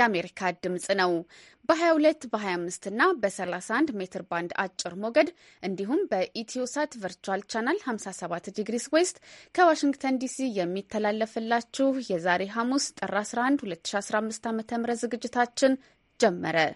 የአሜሪካ ድምፅ ነው። በ22 በ25 እና በ31 ሜትር ባንድ አጭር ሞገድ እንዲሁም በኢትዮሳት ቨርቹዋል ቻናል 57 ዲግሪስ ዌስት ከዋሽንግተን ዲሲ የሚተላለፍላችሁ የዛሬ ሐሙስ ጥር 11 2015 ዓ.ም ዝግጅታችን ጀመረ።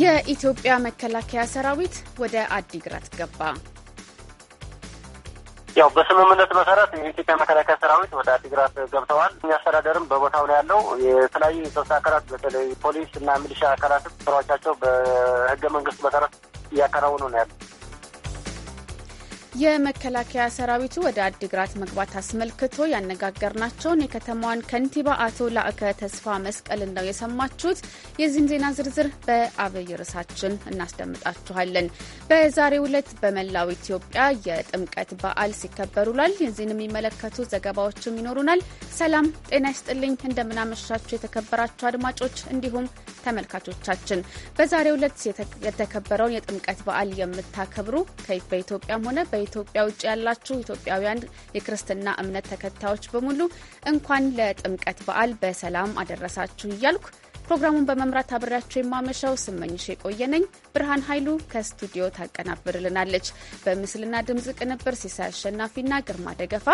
የኢትዮጵያ መከላከያ ሰራዊት ወደ አዲግራት ገባ። ያው በስምምነት መሰረት የኢትዮጵያ መከላከያ ሰራዊት ወደ አዲግራት ገብተዋል። እኛ አስተዳደርም በቦታው ላይ ያለው። የተለያዩ የሶስት አካላት በተለይ ፖሊስ እና ሚሊሻ አካላትም ስራዎቻቸው በህገ መንግስት መሰረት እያከናወኑ ነው ያለው። የመከላከያ ሰራዊቱ ወደ አዲግራት መግባት አስመልክቶ ያነጋገርናቸውን የከተማዋን ከንቲባ አቶ ላእከ ተስፋ መስቀልን ነው የሰማችሁት። የዚህን ዜና ዝርዝር በአብይ ርዕሳችን እናስደምጣችኋለን። በዛሬው ዕለት በመላው ኢትዮጵያ የጥምቀት በዓል ሲከበር ውሏል። የዚህን የሚመለከቱ ዘገባዎችም ይኖሩናል። ሰላም ጤና ይስጥልኝ። እንደምናመሻችሁ የተከበራችሁ አድማጮች እንዲሁም ተመልካቾቻችን በዛሬው ዕለት የተከበረውን የጥምቀት በዓል የምታከብሩ በኢትዮጵያም ሆነ ከኢትዮጵያ ውጭ ያላችሁ ኢትዮጵያውያን የክርስትና እምነት ተከታዮች በሙሉ እንኳን ለጥምቀት በዓል በሰላም አደረሳችሁ እያልኩ ፕሮግራሙን በመምራት አብሬያቸው የማመሻው ስመኝሽ የቆየነኝ። ብርሃን ኃይሉ ከስቱዲዮ ታቀናብርልናለች። በምስልና ድምፅ ቅንብር ሲሳይ አሸናፊና ግርማ ደገፋ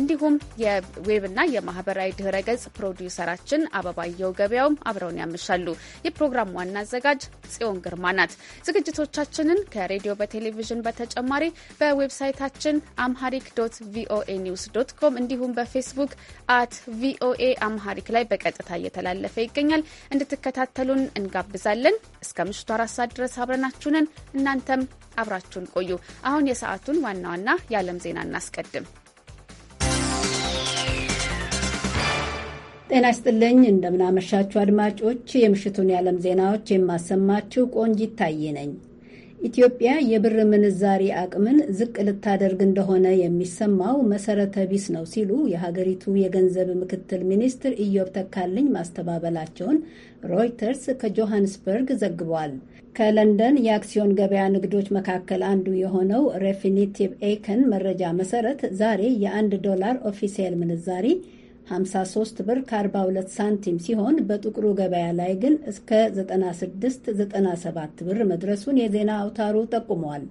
እንዲሁም የዌብና የማህበራዊ ድህረ ገጽ ፕሮዲውሰራችን አበባየው ገበያውም አብረውን ያመሻሉ። የፕሮግራሙ ዋና አዘጋጅ ጽዮን ግርማ ናት። ዝግጅቶቻችንን ከሬዲዮ በቴሌቪዥን በተጨማሪ በዌብሳይታችን አምሃሪክ ዶት ቪኦኤ ኒውስ ዶት ኮም እንዲሁም በፌስቡክ አት ቪኦኤ አምሃሪክ ላይ በቀጥታ እየተላለፈ ይገኛል። እንድትከታተሉን እንጋብዛለን። እስከ ምሽቱ አራት ሰዓት ድረስ አብረናችሁንን እናንተም አብራችሁን ቆዩ። አሁን የሰዓቱን ዋና ዋና የዓለም ዜና እናስቀድም። ጤና ይስጥልኝ፣ እንደምናመሻችሁ አድማጮች። የምሽቱን የዓለም ዜናዎች የማሰማችሁ ቆንጂት ታዬ ነኝ። ኢትዮጵያ የብር ምንዛሪ አቅምን ዝቅ ልታደርግ እንደሆነ የሚሰማው መሰረተ ቢስ ነው ሲሉ የሀገሪቱ የገንዘብ ምክትል ሚኒስትር ኢዮብ ተካልኝ ማስተባበላቸውን ሮይተርስ ከጆሃንስበርግ ዘግቧል። ከለንደን የአክሲዮን ገበያ ንግዶች መካከል አንዱ የሆነው ሬፊኒቲቭ ኤከን መረጃ መሰረት ዛሬ የአንድ ዶላር ኦፊሴል ምንዛሪ 53 ብር ከ42 ሳንቲም ሲሆን በጥቁሩ ገበያ ላይ ግን እስከ 9697 ብር መድረሱን የዜና አውታሩ ጠቁመዋል።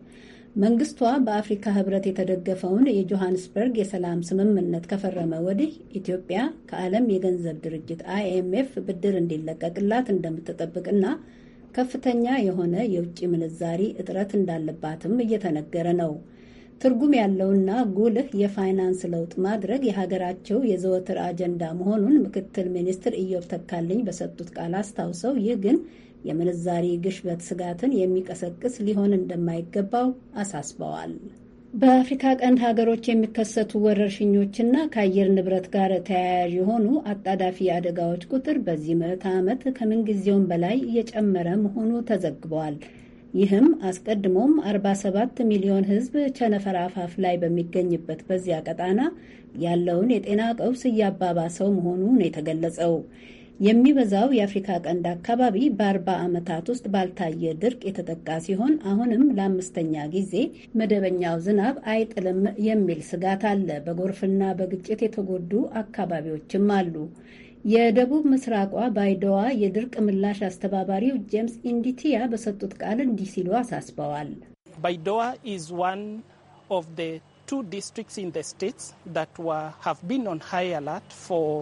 መንግስቷ በአፍሪካ ህብረት የተደገፈውን የጆሃንስበርግ የሰላም ስምምነት ከፈረመ ወዲህ ኢትዮጵያ ከዓለም የገንዘብ ድርጅት አይኤምኤፍ ብድር እንዲለቀቅላት እንደምትጠብቅና ከፍተኛ የሆነ የውጭ ምንዛሪ እጥረት እንዳለባትም እየተነገረ ነው። ትርጉም ያለውና ጉልህ የፋይናንስ ለውጥ ማድረግ የሀገራቸው የዘወትር አጀንዳ መሆኑን ምክትል ሚኒስትር ኢዮብ ተካልኝ በሰጡት ቃል አስታውሰው ይህ ግን የምንዛሪ ግሽበት ስጋትን የሚቀሰቅስ ሊሆን እንደማይገባው አሳስበዋል። በአፍሪካ ቀንድ ሀገሮች የሚከሰቱ ወረርሽኞችና ከአየር ንብረት ጋር ተያያዥ የሆኑ አጣዳፊ አደጋዎች ቁጥር በዚህ ምዕተ ዓመት ከምንጊዜውም በላይ እየጨመረ መሆኑ ተዘግበዋል። ይህም አስቀድሞም 47 ሚሊዮን ሕዝብ ቸነፈር አፋፍ ላይ በሚገኝበት በዚያ ቀጣና ያለውን የጤና ቀውስ እያባባሰው መሆኑ ነው የተገለጸው። የሚበዛው የአፍሪካ ቀንድ አካባቢ በ40 ዓመታት ውስጥ ባልታየ ድርቅ የተጠቃ ሲሆን አሁንም ለአምስተኛ ጊዜ መደበኛው ዝናብ አይጥልም የሚል ስጋት አለ። በጎርፍና በግጭት የተጎዱ አካባቢዎችም አሉ። የደቡብ ምስራቋ ባይደዋ የድርቅ ምላሽ አስተባባሪው ጄምስ ኢንዲቲያ በሰጡት ቃል እንዲህ ሲሉ አሳስበዋል። ባይደዋ ኢዝ ዋን ኦፍ ዘ ቱ ዲስትሪክትስ ኢን ዘ ስቴትስ ዛት ሃቭ ቢን ኦን ሃይ አለርት ፎር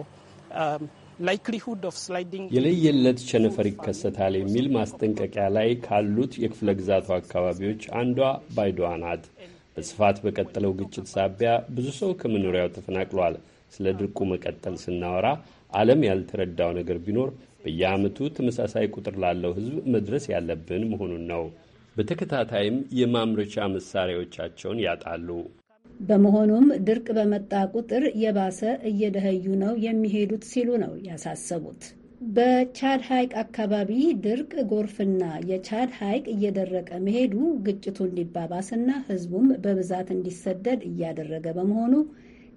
የለየለት ቸነፈር ይከሰታል የሚል ማስጠንቀቂያ ላይ ካሉት የክፍለ ግዛቱ አካባቢዎች አንዷ ባይዶዋ ናት። በስፋት በቀጠለው ግጭት ሳቢያ ብዙ ሰው ከመኖሪያው ተፈናቅሏል። ስለ ድርቁ መቀጠል ስናወራ ዓለም ያልተረዳው ነገር ቢኖር በየዓመቱ ተመሳሳይ ቁጥር ላለው ሕዝብ መድረስ ያለብን መሆኑን ነው። በተከታታይም የማምረቻ መሳሪያዎቻቸውን ያጣሉ። በመሆኑም ድርቅ በመጣ ቁጥር የባሰ እየደኸዩ ነው የሚሄዱት ሲሉ ነው ያሳሰቡት። በቻድ ሐይቅ አካባቢ ድርቅ፣ ጎርፍና የቻድ ሐይቅ እየደረቀ መሄዱ ግጭቱ እንዲባባስና ህዝቡም በብዛት እንዲሰደድ እያደረገ በመሆኑ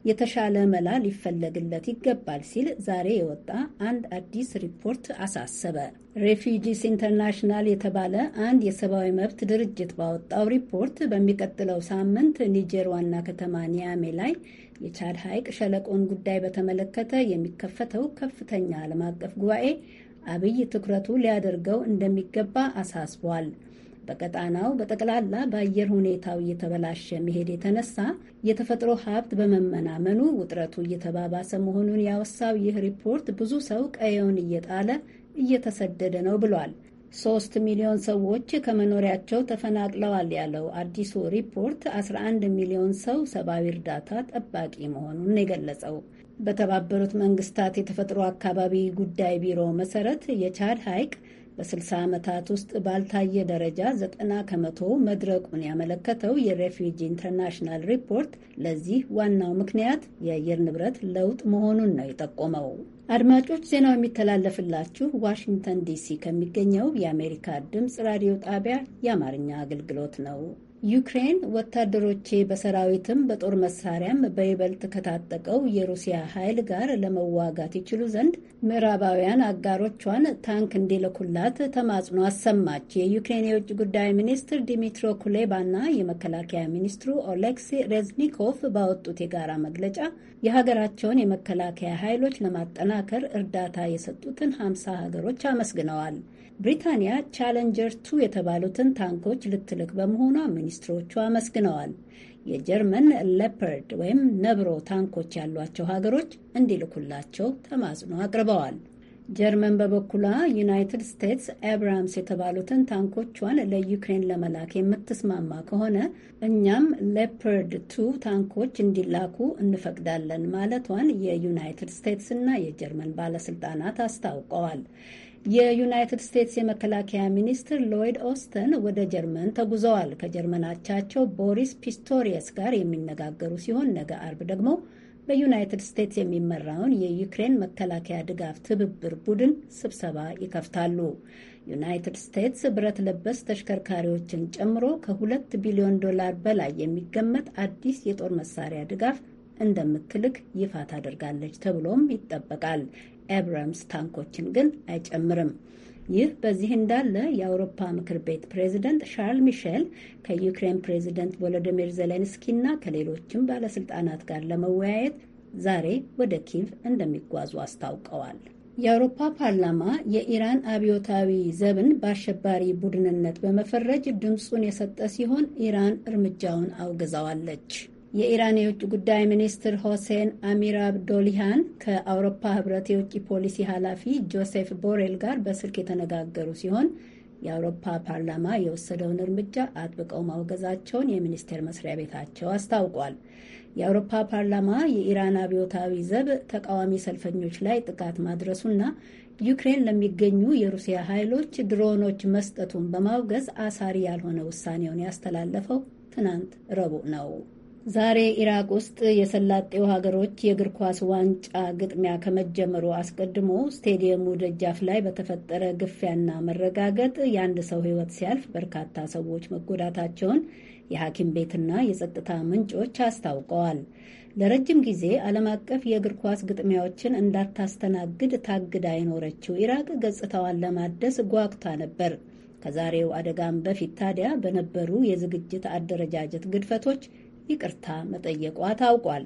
የተሻለ መላ ሊፈለግለት ይገባል ሲል ዛሬ የወጣ አንድ አዲስ ሪፖርት አሳሰበ። ሬፊጂስ ኢንተርናሽናል የተባለ አንድ የሰብአዊ መብት ድርጅት ባወጣው ሪፖርት በሚቀጥለው ሳምንት ኒጀር ዋና ከተማ ኒያሜ ላይ የቻድ ሐይቅ ሸለቆን ጉዳይ በተመለከተ የሚከፈተው ከፍተኛ ዓለም አቀፍ ጉባኤ አብይ ትኩረቱ ሊያደርገው እንደሚገባ አሳስቧል። በቀጣናው በጠቅላላ በአየር ሁኔታው እየተበላሸ መሄድ የተነሳ የተፈጥሮ ሀብት በመመናመኑ ውጥረቱ እየተባባሰ መሆኑን ያወሳው ይህ ሪፖርት ብዙ ሰው ቀየውን እየጣለ እየተሰደደ ነው ብሏል። ሶስት ሚሊዮን ሰዎች ከመኖሪያቸው ተፈናቅለዋል ያለው አዲሱ ሪፖርት 11 ሚሊዮን ሰው ሰብአዊ እርዳታ ጠባቂ መሆኑን የገለጸው በተባበሩት መንግስታት የተፈጥሮ አካባቢ ጉዳይ ቢሮ መሰረት የቻድ ሐይቅ በ60 ዓመታት ውስጥ ባልታየ ደረጃ ዘጠና ከመቶ መድረቁን ያመለከተው የሬፊጂ ኢንተርናሽናል ሪፖርት ለዚህ ዋናው ምክንያት የአየር ንብረት ለውጥ መሆኑን ነው የጠቆመው። አድማጮች፣ ዜናው የሚተላለፍላችሁ ዋሽንግተን ዲሲ ከሚገኘው የአሜሪካ ድምፅ ራዲዮ ጣቢያ የአማርኛ አገልግሎት ነው። ዩክሬን ወታደሮቼ በሰራዊትም በጦር መሳሪያም በይበልጥ ከታጠቀው የሩሲያ ኃይል ጋር ለመዋጋት ይችሉ ዘንድ ምዕራባውያን አጋሮቿን ታንክ እንዲልኩላት ተማጽኖ አሰማች። የዩክሬን የውጭ ጉዳይ ሚኒስትር ዲሚትሮ ኩሌባና የመከላከያ ሚኒስትሩ ኦሌክሲ ሬዝኒኮቭ ባወጡት የጋራ መግለጫ የሀገራቸውን የመከላከያ ኃይሎች ለማጠናከር እርዳታ የሰጡትን ሀምሳ ሀገሮች አመስግነዋል። ብሪታንያ ቻለንጀር ቱ የተባሉትን ታንኮች ልትልክ በመሆኗ ሚኒስትሮቹ አመስግነዋል። የጀርመን ሌፐርድ ወይም ነብሮ ታንኮች ያሏቸው ሀገሮች እንዲልኩላቸው ተማጽኖ አቅርበዋል። ጀርመን በበኩሏ ዩናይትድ ስቴትስ ኤብራምስ የተባሉትን ታንኮቿን ለዩክሬን ለመላክ የምትስማማ ከሆነ እኛም ሌፐርድ ቱ ታንኮች እንዲላኩ እንፈቅዳለን ማለቷን የዩናይትድ ስቴትስ እና የጀርመን ባለስልጣናት አስታውቀዋል። የዩናይትድ ስቴትስ የመከላከያ ሚኒስትር ሎይድ ኦስተን ወደ ጀርመን ተጉዘዋል። ከጀርመን አቻቸው ቦሪስ ፒስቶሪየስ ጋር የሚነጋገሩ ሲሆን ነገ አርብ ደግሞ በዩናይትድ ስቴትስ የሚመራውን የዩክሬን መከላከያ ድጋፍ ትብብር ቡድን ስብሰባ ይከፍታሉ። ዩናይትድ ስቴትስ ብረት ለበስ ተሽከርካሪዎችን ጨምሮ ከሁለት ቢሊዮን ዶላር በላይ የሚገመት አዲስ የጦር መሳሪያ ድጋፍ እንደምትልክ ይፋ ታደርጋለች ተብሎም ይጠበቃል። አብራምስ ታንኮችን ግን አይጨምርም። ይህ በዚህ እንዳለ የአውሮፓ ምክር ቤት ፕሬዚደንት ሻርል ሚሼል ከዩክሬን ፕሬዚደንት ቮሎዲሚር ዜሌንስኪ እና ከሌሎችም ባለስልጣናት ጋር ለመወያየት ዛሬ ወደ ኪቭ እንደሚጓዙ አስታውቀዋል። የአውሮፓ ፓርላማ የኢራን አብዮታዊ ዘብን በአሸባሪ ቡድንነት በመፈረጅ ድምፁን የሰጠ ሲሆን ኢራን እርምጃውን አውግዛዋለች። የኢራን የውጭ ጉዳይ ሚኒስትር ሆሴን አሚር አብዶሊሃን ከአውሮፓ ህብረት የውጭ ፖሊሲ ኃላፊ ጆሴፍ ቦሬል ጋር በስልክ የተነጋገሩ ሲሆን የአውሮፓ ፓርላማ የወሰደውን እርምጃ አጥብቀው ማውገዛቸውን የሚኒስቴር መስሪያ ቤታቸው አስታውቋል። የአውሮፓ ፓርላማ የኢራን አብዮታዊ ዘብ ተቃዋሚ ሰልፈኞች ላይ ጥቃት ማድረሱና ዩክሬን ለሚገኙ የሩሲያ ኃይሎች ድሮኖች መስጠቱን በማውገዝ አሳሪ ያልሆነ ውሳኔውን ያስተላለፈው ትናንት ረቡዕ ነው። ዛሬ ኢራቅ ውስጥ የሰላጤው ሀገሮች የእግር ኳስ ዋንጫ ግጥሚያ ከመጀመሩ አስቀድሞ ስቴዲየሙ ደጃፍ ላይ በተፈጠረ ግፊያና መረጋገጥ የአንድ ሰው ሕይወት ሲያልፍ በርካታ ሰዎች መጎዳታቸውን የሐኪም ቤትና የጸጥታ ምንጮች አስታውቀዋል። ለረጅም ጊዜ ዓለም አቀፍ የእግር ኳስ ግጥሚያዎችን እንዳታስተናግድ ታግዳ የኖረችው ኢራቅ ገጽታዋን ለማደስ ጓጉታ ነበር። ከዛሬው አደጋም በፊት ታዲያ በነበሩ የዝግጅት አደረጃጀት ግድፈቶች ይቅርታ መጠየቋ ታውቋል።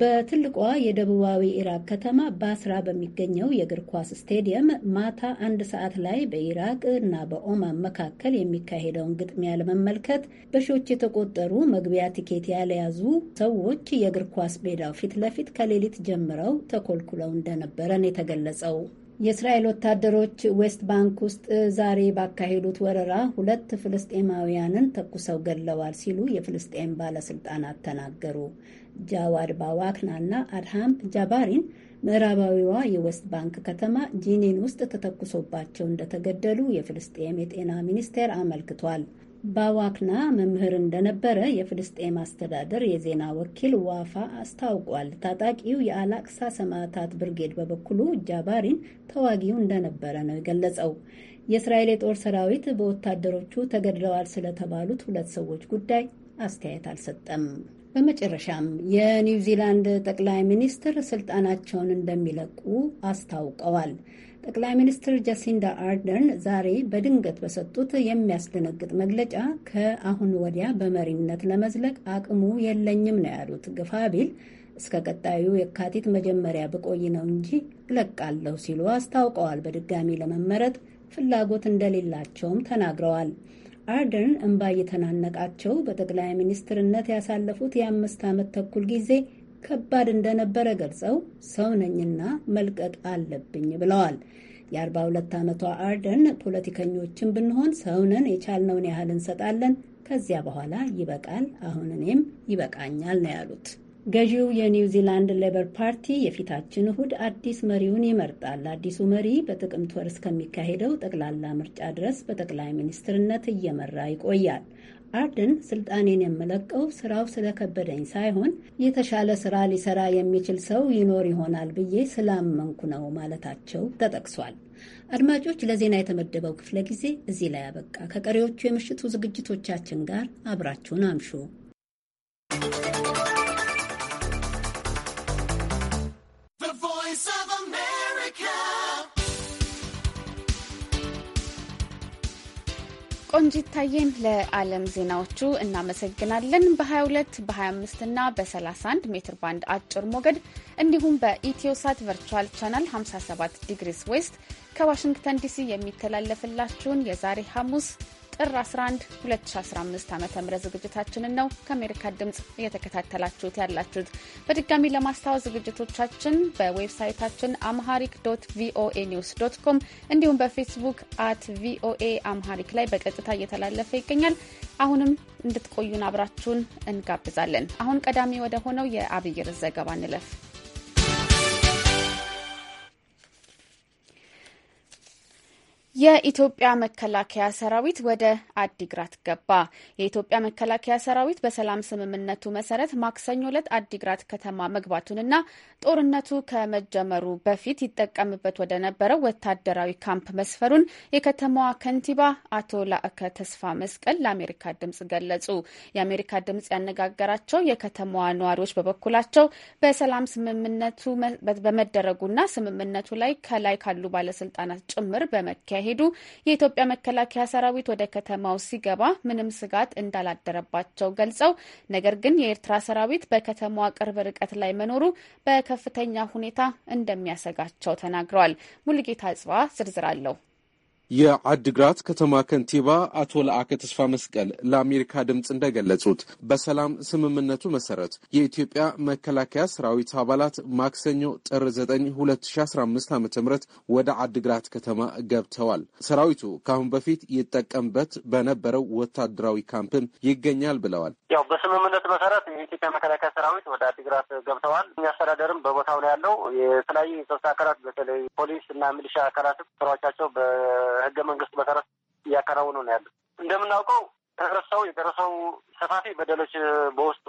በትልቋ የደቡባዊ ኢራቅ ከተማ ባስራ በሚገኘው የእግር ኳስ ስቴዲየም ማታ አንድ ሰዓት ላይ በኢራቅ እና በኦማን መካከል የሚካሄደውን ግጥሚያ ለመመልከት በሺዎች የተቆጠሩ መግቢያ ቲኬት ያልያዙ ሰዎች የእግር ኳስ ሜዳው ፊት ለፊት ከሌሊት ጀምረው ተኮልኩለው እንደነበረ የተገለጸው። የእስራኤል ወታደሮች ዌስት ባንክ ውስጥ ዛሬ ባካሄዱት ወረራ ሁለት ፍልስጤማውያንን ተኩሰው ገድለዋል ሲሉ የፍልስጤም ባለስልጣናት ተናገሩ። ጃዋድ ባዋክና እና አድሃም ጃባሪን ምዕራባዊዋ የዌስት ባንክ ከተማ ጂኒን ውስጥ ተተኩሶባቸው እንደተገደሉ የፍልስጤም የጤና ሚኒስቴር አመልክቷል። ባዋክና መምህር እንደነበረ የፍልስጤም አስተዳደር የዜና ወኪል ዋፋ አስታውቋል። ታጣቂው የአላቅሳ ሰማዕታት ብርጌድ በበኩሉ ጃባሪን ተዋጊው እንደነበረ ነው የገለጸው። የእስራኤል የጦር ሰራዊት በወታደሮቹ ተገድለዋል ስለተባሉት ሁለት ሰዎች ጉዳይ አስተያየት አልሰጠም። በመጨረሻም የኒውዚላንድ ጠቅላይ ሚኒስትር ስልጣናቸውን እንደሚለቁ አስታውቀዋል። ጠቅላይ ሚኒስትር ጃሲንዳ አርደርን ዛሬ በድንገት በሰጡት የሚያስደነግጥ መግለጫ ከአሁን ወዲያ በመሪነት ለመዝለቅ አቅሙ የለኝም ነው ያሉት። ግፋ ቢል እስከ ቀጣዩ የካቲት መጀመሪያ ብቆይ ነው እንጂ እለቃለሁ ሲሉ አስታውቀዋል። በድጋሚ ለመመረጥ ፍላጎት እንደሌላቸውም ተናግረዋል። አርደርን እንባ እየተናነቃቸው በጠቅላይ ሚኒስትርነት ያሳለፉት የአምስት ዓመት ተኩል ጊዜ ከባድ እንደነበረ ገልጸው ሰው ነኝና መልቀቅ አለብኝ ብለዋል። የ42 ዓመቷ አርደን ፖለቲከኞችን ብንሆን ሰውነን የቻልነውን ያህል እንሰጣለን። ከዚያ በኋላ ይበቃል፣ አሁን እኔም ይበቃኛል ነው ያሉት። ገዢው የኒውዚላንድ ሌበር ፓርቲ የፊታችን እሁድ አዲስ መሪውን ይመርጣል። አዲሱ መሪ በጥቅምት ወር እስከሚካሄደው ጠቅላላ ምርጫ ድረስ በጠቅላይ ሚኒስትርነት እየመራ ይቆያል። አርደን ስልጣኔን የምለቀው ስራው ስለከበደኝ ሳይሆን የተሻለ ስራ ሊሰራ የሚችል ሰው ይኖር ይሆናል ብዬ ስላመንኩ ነው ማለታቸው ተጠቅሷል። አድማጮች፣ ለዜና የተመደበው ክፍለ ጊዜ እዚህ ላይ አበቃ። ከቀሪዎቹ የምሽቱ ዝግጅቶቻችን ጋር አብራችሁን አምሹ። ቆንጂት ታየን ለዓለም ዜናዎቹ እናመሰግናለን። በ22 በ25 እና በ31 ሜትር ባንድ አጭር ሞገድ እንዲሁም በኢትዮሳት ቨርቹዋል ቻናል 57 ዲግሪስ ዌስት ከዋሽንግተን ዲሲ የሚተላለፍላችሁን የዛሬ ሐሙስ ጥር 11 2015 ዓ ም ዝግጅታችንን ነው ከአሜሪካ ድምፅ እየተከታተላችሁት ያላችሁት። በድጋሚ ለማስታወስ ዝግጅቶቻችን በዌብሳይታችን አምሃሪክ ዶት ቪኦኤ ኒውስ ዶት ኮም እንዲሁም በፌስቡክ አት ቪኦኤ አምሃሪክ ላይ በቀጥታ እየተላለፈ ይገኛል። አሁንም እንድትቆዩን አብራችሁን እንጋብዛለን። አሁን ቀዳሚ ወደ ሆነው የአብይር ዘገባ እንለፍ። የኢትዮጵያ መከላከያ ሰራዊት ወደ አዲግራት ገባ። የኢትዮጵያ መከላከያ ሰራዊት በሰላም ስምምነቱ መሰረት ማክሰኞ ዕለት አዲግራት ከተማ መግባቱንና ጦርነቱ ከመጀመሩ በፊት ይጠቀምበት ወደ ነበረው ወታደራዊ ካምፕ መስፈሩን የከተማዋ ከንቲባ አቶ ላእከ ተስፋ መስቀል ለአሜሪካ ድምጽ ገለጹ። የአሜሪካ ድምጽ ያነጋገራቸው የከተማዋ ነዋሪዎች በበኩላቸው በሰላም ስምምነቱ በመደረጉና ስምምነቱ ላይ ከላይ ካሉ ባለስልጣናት ጭምር በመካሄድ ሲሄዱ የኢትዮጵያ መከላከያ ሰራዊት ወደ ከተማው ሲገባ ምንም ስጋት እንዳላደረባቸው ገልጸው፣ ነገር ግን የኤርትራ ሰራዊት በከተማዋ ቅርብ ርቀት ላይ መኖሩ በከፍተኛ ሁኔታ እንደሚያሰጋቸው ተናግረዋል። ሙልጌታ ጽባ ዝርዝር አለው። የአድግራት ከተማ ከንቲባ አቶ ለአከ ተስፋ መስቀል ለአሜሪካ ድምፅ እንደገለጹት በሰላም ስምምነቱ መሰረት የኢትዮጵያ መከላከያ ሰራዊት አባላት ማክሰኞ ጥር 9 2015 ዓ ም ወደ አድግራት ከተማ ገብተዋል። ሰራዊቱ ከአሁን በፊት ይጠቀምበት በነበረው ወታደራዊ ካምፕም ይገኛል ብለዋል። ያው በስምምነት መሰረት የኢትዮጵያ መከላከያ ሰራዊት ወደ አድግራት ገብተዋል። እኛ አስተዳደርም በቦታው ላይ ያለው። የተለያዩ የጸጥታ አካላት በተለይ ፖሊስ እና ሚሊሻ አካላትም ስራዎቻቸው በ በህገ መንግስት መሰረት እያከናወኑ ነው ያለ። እንደምናውቀው ህብረተሰቡ የደረሰው ሰፋፊ በደሎች በውስጡ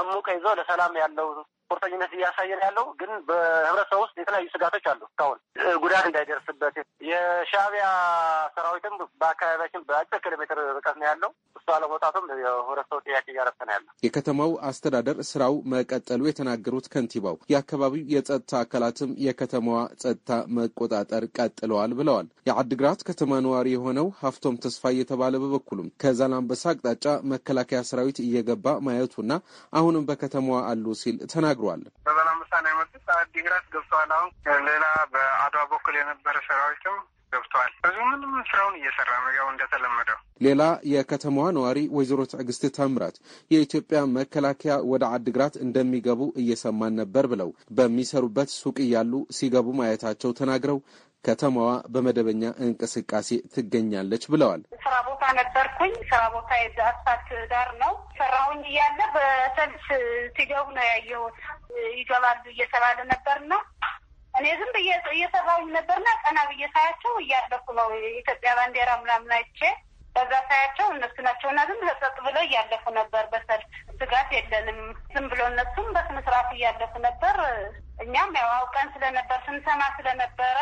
አሙቀ ይዞ ለሰላም ያለው ቁርጠኝነት እያሳየን ያለው ግን በህብረተሰብ ውስጥ የተለያዩ ስጋቶች አሉ። እስካሁን ጉዳት እንዳይደርስበት የሻቢያ ሰራዊትም በአካባቢያችን በአጭር ኪሎ ሜትር ርቀት ነው ያለው። እሱ አለመውጣቱም የህብረተሰቡ ጥያቄ እያረፍተ ነው ያለው። የከተማው አስተዳደር ስራው መቀጠሉ የተናገሩት ከንቲባው የአካባቢው የጸጥታ አካላትም የከተማዋ ጸጥታ መቆጣጠር ቀጥለዋል ብለዋል። የአድግራት ከተማ ነዋሪ የሆነው ሀፍቶም ተስፋ እየተባለ በበኩሉም ከዛላምበሳ አቅጣጫ መከላከያ ሰራዊት እየገባ ማየቱና አሁንም በከተማዋ አሉ ሲል ተናግሯል። ተናግሯል። ሰበና ነው የመጡት። አዲግራት ገብተዋል። አሁን ሌላ በአድዋ በኩል የነበረ ሰራዊትም ገብተዋል። ብዙ ምንም ስራውን እየሰራ ነው ያው እንደተለመደው። ሌላ የከተማዋ ነዋሪ ወይዘሮ ትዕግስት ታምራት የኢትዮጵያ መከላከያ ወደ አድግራት እንደሚገቡ እየሰማን ነበር ብለው በሚሰሩበት ሱቅ እያሉ ሲገቡ ማየታቸው ተናግረው ከተማዋ በመደበኛ እንቅስቃሴ ትገኛለች ብለዋል። ስራ ቦታ ነበርኩኝ። ስራ ቦታ አስፋልት ዳር ነው ሰራሁኝ እያለ በሰልፍ ሲገቡ ነው ያየሁት። ይገባሉ እየተባለ ነበርና እኔ ዝም ብዬ እየሰራሁኝ ነበርና ቀና ብዬ ሳያቸው እያለኩ ነው የኢትዮጵያ ባንዲራ ምናምን አይቼ በዛ ሳያቸው እነሱ ናቸው እና ዝም ብለው ብለው እያለፉ ነበር። በሰልፍ ስጋት የለንም ዝም ብሎ እነሱም በስነ እያለፉ ነበር። እኛም ያው አውቀን ስለነበር ስንሰማ ስለነበረ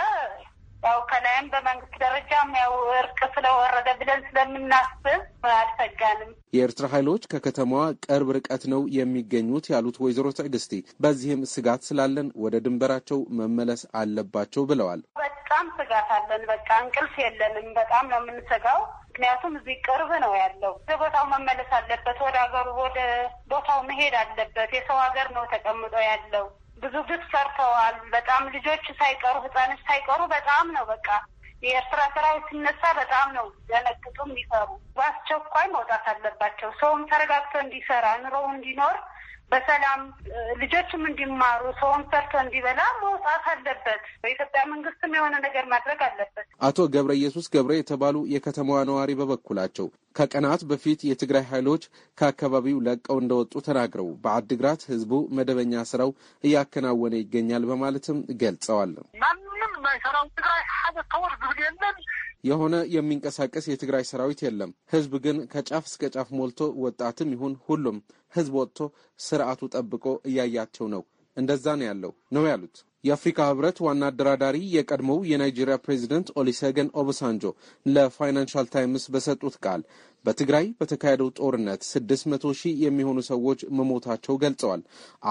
ያው ከላይም በመንግስት ደረጃም ያው እርቅ ስለወረደ ብለን ስለምናስብ አልሰጋንም። የኤርትራ ኃይሎች ከከተማዋ ቅርብ ርቀት ነው የሚገኙት ያሉት ወይዘሮ ትዕግስቲ፣ በዚህም ስጋት ስላለን ወደ ድንበራቸው መመለስ አለባቸው ብለዋል። በጣም ስጋት አለን። በቃ እንቅልፍ የለንም። በጣም ነው የምንሰጋው ምክንያቱም እዚህ ቅርብ ነው ያለው። ወደ ቦታው መመለስ አለበት። ወደ ሀገሩ ወደ ቦታው መሄድ አለበት። የሰው ሀገር ነው ተቀምጦ ያለው። ብዙ ግፍ ሰርተዋል። በጣም ልጆች ሳይቀሩ ህጻኖች ሳይቀሩ በጣም ነው በቃ የኤርትራ ሰራዊት ሲነሳ በጣም ነው ደነግጡ የሚሰሩ። በአስቸኳይ መውጣት አለባቸው። ሰውም ተረጋግቶ እንዲሰራ ኑሮው እንዲኖር በሰላም ልጆችም እንዲማሩ ሰውን ሰርቶ እንዲበላ መውጣት አለበት። በኢትዮጵያ መንግስትም የሆነ ነገር ማድረግ አለበት። አቶ ገብረ ኢየሱስ ገብረ የተባሉ የከተማዋ ነዋሪ በበኩላቸው ከቀናት በፊት የትግራይ ኃይሎች ከአካባቢው ለቀው እንደወጡ ተናግረው በአድግራት ህዝቡ መደበኛ ስራው እያከናወነ ይገኛል በማለትም ገልጸዋል። ማንም የማይሰራው ትግራይ ሓደ ተወር ዝብል የለን የሆነ የሚንቀሳቀስ የትግራይ ሰራዊት የለም። ህዝብ ግን ከጫፍ እስከ ጫፍ ሞልቶ ወጣትም ይሁን ሁሉም ህዝብ ወጥቶ ስርዓቱ ጠብቆ እያያቸው ነው። እንደዛ ነው ያለው ነው ያሉት። የአፍሪካ ህብረት ዋና አደራዳሪ የቀድሞው የናይጄሪያ ፕሬዚደንት ኦሊሰገን ኦበሳንጆ ለፋይናንሻል ታይምስ በሰጡት ቃል በትግራይ በተካሄደው ጦርነት ስድስት መቶ ሺህ የሚሆኑ ሰዎች መሞታቸው ገልጸዋል።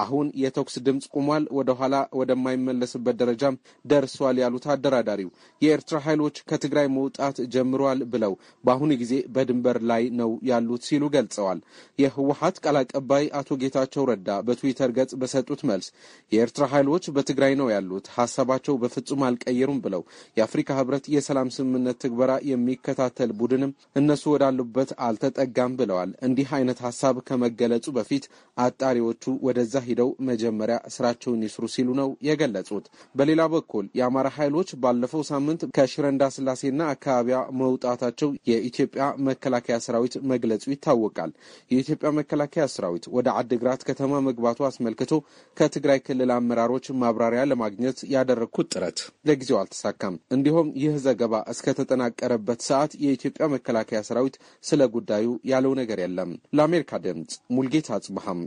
አሁን የተኩስ ድምፅ ቁሟል፣ ወደኋላ ወደማይመለስበት ደረጃም ደርሷል ያሉት አደራዳሪው የኤርትራ ኃይሎች ከትግራይ መውጣት ጀምረዋል ብለው በአሁኑ ጊዜ በድንበር ላይ ነው ያሉት ሲሉ ገልጸዋል። የህወሀት ቃል አቀባይ አቶ ጌታቸው ረዳ በትዊተር ገጽ በሰጡት መልስ የኤርትራ ኃይሎች በትግራይ ነው ያሉት፣ ሀሳባቸው በፍጹም አልቀየሩም ብለው የአፍሪካ ህብረት የሰላም ስምምነት ትግበራ የሚከታተል ቡድንም እነሱ ወዳሉበት ትኩረት አልተጠጋም ብለዋል። እንዲህ አይነት ሀሳብ ከመገለጹ በፊት አጣሪዎቹ ወደዛ ሂደው መጀመሪያ ስራቸውን ይስሩ ሲሉ ነው የገለጹት። በሌላ በኩል የአማራ ኃይሎች ባለፈው ሳምንት ከሽረ እንዳስላሴና አካባቢያ መውጣታቸው የኢትዮጵያ መከላከያ ሰራዊት መግለጹ ይታወቃል። የኢትዮጵያ መከላከያ ሰራዊት ወደ አድግራት ከተማ መግባቱ አስመልክቶ ከትግራይ ክልል አመራሮች ማብራሪያ ለማግኘት ያደረግኩት ጥረት ለጊዜው አልተሳካም። እንዲሁም ይህ ዘገባ እስከተጠናቀረበት ሰዓት የኢትዮጵያ መከላከያ ሰራዊት ስለ ጉዳዩ ያለው ነገር የለም። ለአሜሪካ ድምፅ ሙልጌታ አጽብሃም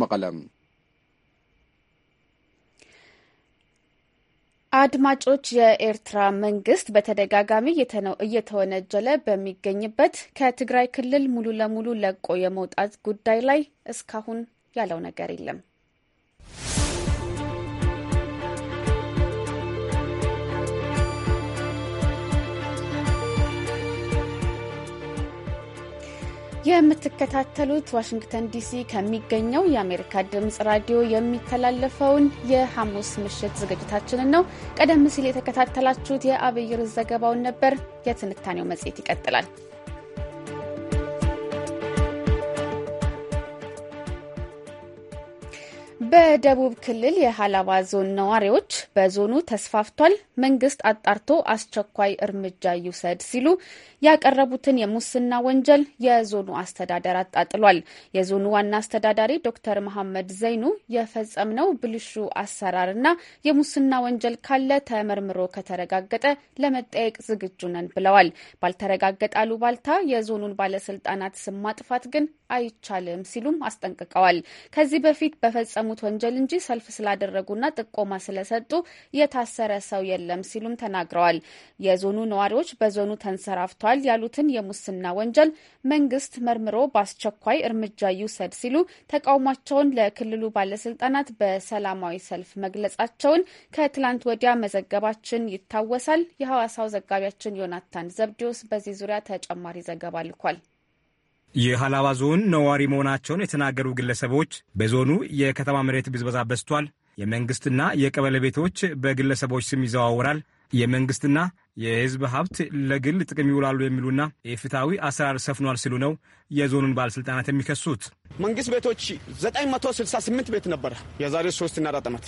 መቀለም። አድማጮች የኤርትራ መንግስት በተደጋጋሚ እየተወነጀለ በሚገኝበት ከትግራይ ክልል ሙሉ ለሙሉ ለቆ የመውጣት ጉዳይ ላይ እስካሁን ያለው ነገር የለም። የምትከታተሉት ዋሽንግተን ዲሲ ከሚገኘው የአሜሪካ ድምጽ ራዲዮ የሚተላለፈውን የሐሙስ ምሽት ዝግጅታችንን ነው። ቀደም ሲል የተከታተላችሁት የአብይር ዘገባውን ነበር። የትንታኔው መጽሔት ይቀጥላል። በደቡብ ክልል የሀላባ ዞን ነዋሪዎች በዞኑ ተስፋፍቷል፣ መንግስት አጣርቶ አስቸኳይ እርምጃ ይውሰድ ሲሉ ያቀረቡትን የሙስና ወንጀል የዞኑ አስተዳደር አጣጥሏል። የዞኑ ዋና አስተዳዳሪ ዶክተር መሐመድ ዘይኑ የፈጸምነው ብልሹ አሰራርና የሙስና ወንጀል ካለ ተመርምሮ ከተረጋገጠ ለመጠየቅ ዝግጁ ነን ብለዋል። ባልተረጋገጠ አሉባልታ የዞኑን ባለስልጣናት ስም ማጥፋት ግን አይቻልም ሲሉም አስጠንቅቀዋል። ከዚህ በፊት በፈጸሙ በፈጸሙት ወንጀል እንጂ ሰልፍ ስላደረጉና ጥቆማ ስለሰጡ የታሰረ ሰው የለም ሲሉም ተናግረዋል። የዞኑ ነዋሪዎች በዞኑ ተንሰራፍተዋል ያሉትን የሙስና ወንጀል መንግስት መርምሮ በአስቸኳይ እርምጃ ይውሰድ ሲሉ ተቃውሟቸውን ለክልሉ ባለስልጣናት በሰላማዊ ሰልፍ መግለጻቸውን ከትላንት ወዲያ መዘገባችን ይታወሳል። የሐዋሳው ዘጋቢያችን ዮናታን ዘብዲዎስ በዚህ ዙሪያ ተጨማሪ ዘገባ ልኳል። የሀላባ ዞን ነዋሪ መሆናቸውን የተናገሩ ግለሰቦች በዞኑ የከተማ መሬት ብዝበዛ በዝቷል፣ የመንግስትና የቀበሌ ቤቶች በግለሰቦች ስም ይዘዋወራል፣ የመንግስትና የህዝብ ሀብት ለግል ጥቅም ይውላሉ የሚሉና የፍትሐዊ አሰራር ሰፍኗል ሲሉ ነው የዞኑን ባለሥልጣናት የሚከሱት። መንግስት ቤቶች 968 ቤት ነበረ የዛሬ 3 እና ዓመት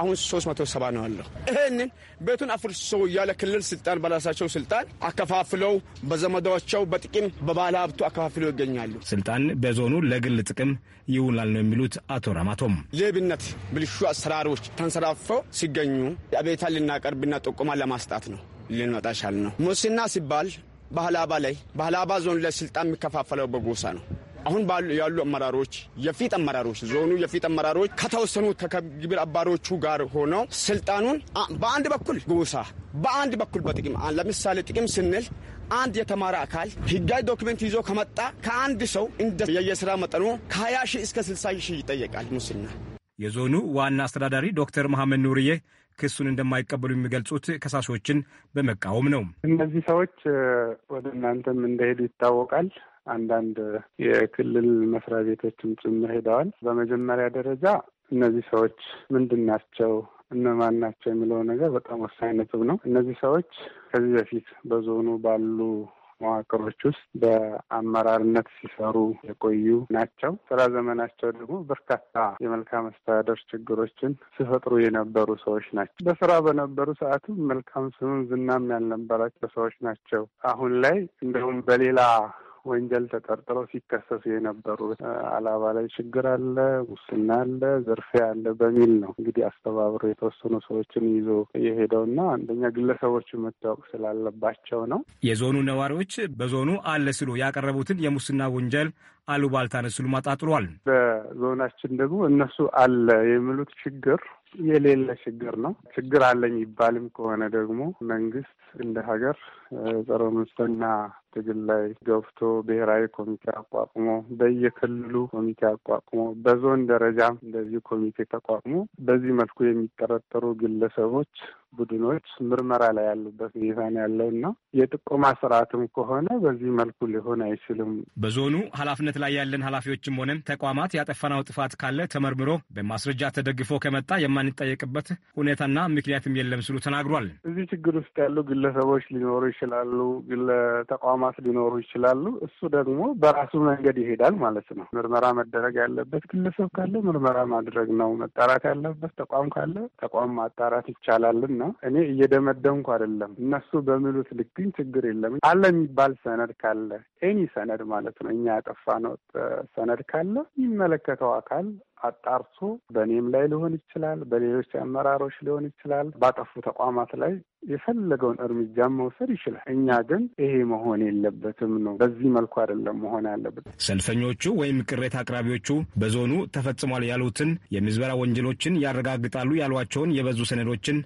አሁን 370 ነው ያለው። ይህንን ቤቱን አፍርሶ ያለ ክልል ስልጣን በራሳቸው ስልጣን አከፋፍለው በዘመዳቸው በጥቅም በባለ ሀብቱ አከፋፍለው ይገኛሉ። ስልጣን በዞኑ ለግል ጥቅም ይውላል ነው የሚሉት አቶ ራማቶም። ሌብነት፣ ብልሹ አሰራሮች ተንሰራፈው ሲገኙ አቤታ ልናቀርብና ጥቆማ ለማስጣት ነው ልንመጣሻል ነው። ሙስና ሲባል ባህላባ ላይ ባህላባ ዞን ላይ ስልጣን የሚከፋፈለው በጎሳ ነው አሁን ያሉ አመራሮች የፊት አመራሮች ዞኑ የፊት አመራሮች ከተወሰኑ ከግብር አባሮቹ ጋር ሆነው ስልጣኑን በአንድ በኩል ጎሳ በአንድ በኩል በጥቅም ለምሳሌ ጥቅም ስንል አንድ የተማረ አካል ህጋዊ ዶክመንት ይዞ ከመጣ ከአንድ ሰው እንደ የስራ መጠኑ ከ20 ሺህ እስከ 60 ሺህ ይጠየቃል ሙስና። የዞኑ ዋና አስተዳዳሪ ዶክተር መሐመድ ኑርዬ ክሱን እንደማይቀበሉ የሚገልጹት ከሳሾችን በመቃወም ነው። እነዚህ ሰዎች ወደ እናንተም እንደሄዱ ይታወቃል። አንዳንድ የክልል መስሪያ ቤቶችም ጭምር ሄደዋል። በመጀመሪያ ደረጃ እነዚህ ሰዎች ምንድን ናቸው እነማን ናቸው የሚለው ነገር በጣም ወሳኝ ነጥብ ነው። እነዚህ ሰዎች ከዚህ በፊት በዞኑ ባሉ መዋቅሮች ውስጥ በአመራርነት ሲሰሩ የቆዩ ናቸው። ስራ ዘመናቸው ደግሞ በርካታ የመልካም አስተዳደር ችግሮችን ሲፈጥሩ የነበሩ ሰዎች ናቸው። በስራ በነበሩ ሰዓትም መልካም ስምም ዝናም ያልነበራቸው ሰዎች ናቸው። አሁን ላይ እንደውም በሌላ ወንጀል ተጠርጥረው ሲከሰሱ የነበሩ አላባ ላይ ችግር አለ፣ ሙስና አለ፣ ዝርፊያ አለ በሚል ነው እንግዲህ አስተባብሮ የተወሰኑ ሰዎችን ይዞ የሄደው ና አንደኛ ግለሰቦች መታወቅ ስላለባቸው ነው። የዞኑ ነዋሪዎች በዞኑ አለ ስሉ ያቀረቡትን የሙስና ወንጀል አሉባልታ ነስሉ ማጣጥሏል። በዞናችን ደግሞ እነሱ አለ የሚሉት ችግር የሌለ ችግር ነው። ችግር አለኝ ይባልም ከሆነ ደግሞ መንግስት እንደ ሀገር ጸረ ሙስና ትግል ላይ ገብቶ ብሔራዊ ኮሚቴ አቋቁሞ በየክልሉ ኮሚቴ አቋቁሞ በዞን ደረጃም እንደዚህ ኮሚቴ ተቋቁሞ በዚህ መልኩ የሚጠረጠሩ ግለሰቦች ቡድኖች ምርመራ ላይ ያሉበት ሁኔታ ነው ያለው እና የጥቆማ ስርዓትም ከሆነ በዚህ መልኩ ሊሆን አይችልም። በዞኑ ኃላፊነት ላይ ያለን ኃላፊዎችም ሆነ ተቋማት ያጠፋናው ጥፋት ካለ ተመርምሮ በማስረጃ ተደግፎ ከመጣ የማንጠየቅበት ሁኔታና ምክንያትም የለም ሲሉ ተናግሯል። እዚህ ችግር ውስጥ ያሉ ግለሰቦች ሊኖሩ ይችላሉ፣ ግለ ተቋማት ሊኖሩ ይችላሉ። እሱ ደግሞ በራሱ መንገድ ይሄዳል ማለት ነው። ምርመራ መደረግ ያለበት ግለሰብ ካለ ምርመራ ማድረግ ነው። መጣራት ያለበት ተቋም ካለ ተቋም ማጣራት ይቻላልና እና እኔ እየደመደምኩ አይደለም፣ እነሱ በሚሉት ልክ ግን ችግር የለም አለ የሚባል ሰነድ ካለ ኤኒ ሰነድ ማለት ነው እኛ ያጠፋነው ሰነድ ካለ የሚመለከተው አካል አጣርቶ በእኔም ላይ ሊሆን ይችላል፣ በሌሎች አመራሮች ሊሆን ይችላል፣ ባጠፉ ተቋማት ላይ የፈለገውን እርምጃ መውሰድ ይችላል። እኛ ግን ይሄ መሆን የለበትም ነው። በዚህ መልኩ አይደለም መሆን ያለበት። ሰልፈኞቹ ወይም ቅሬታ አቅራቢዎቹ በዞኑ ተፈጽሟል ያሉትን የምዝበራ ወንጀሎችን ያረጋግጣሉ ያሏቸውን የበዙ ሰነዶችን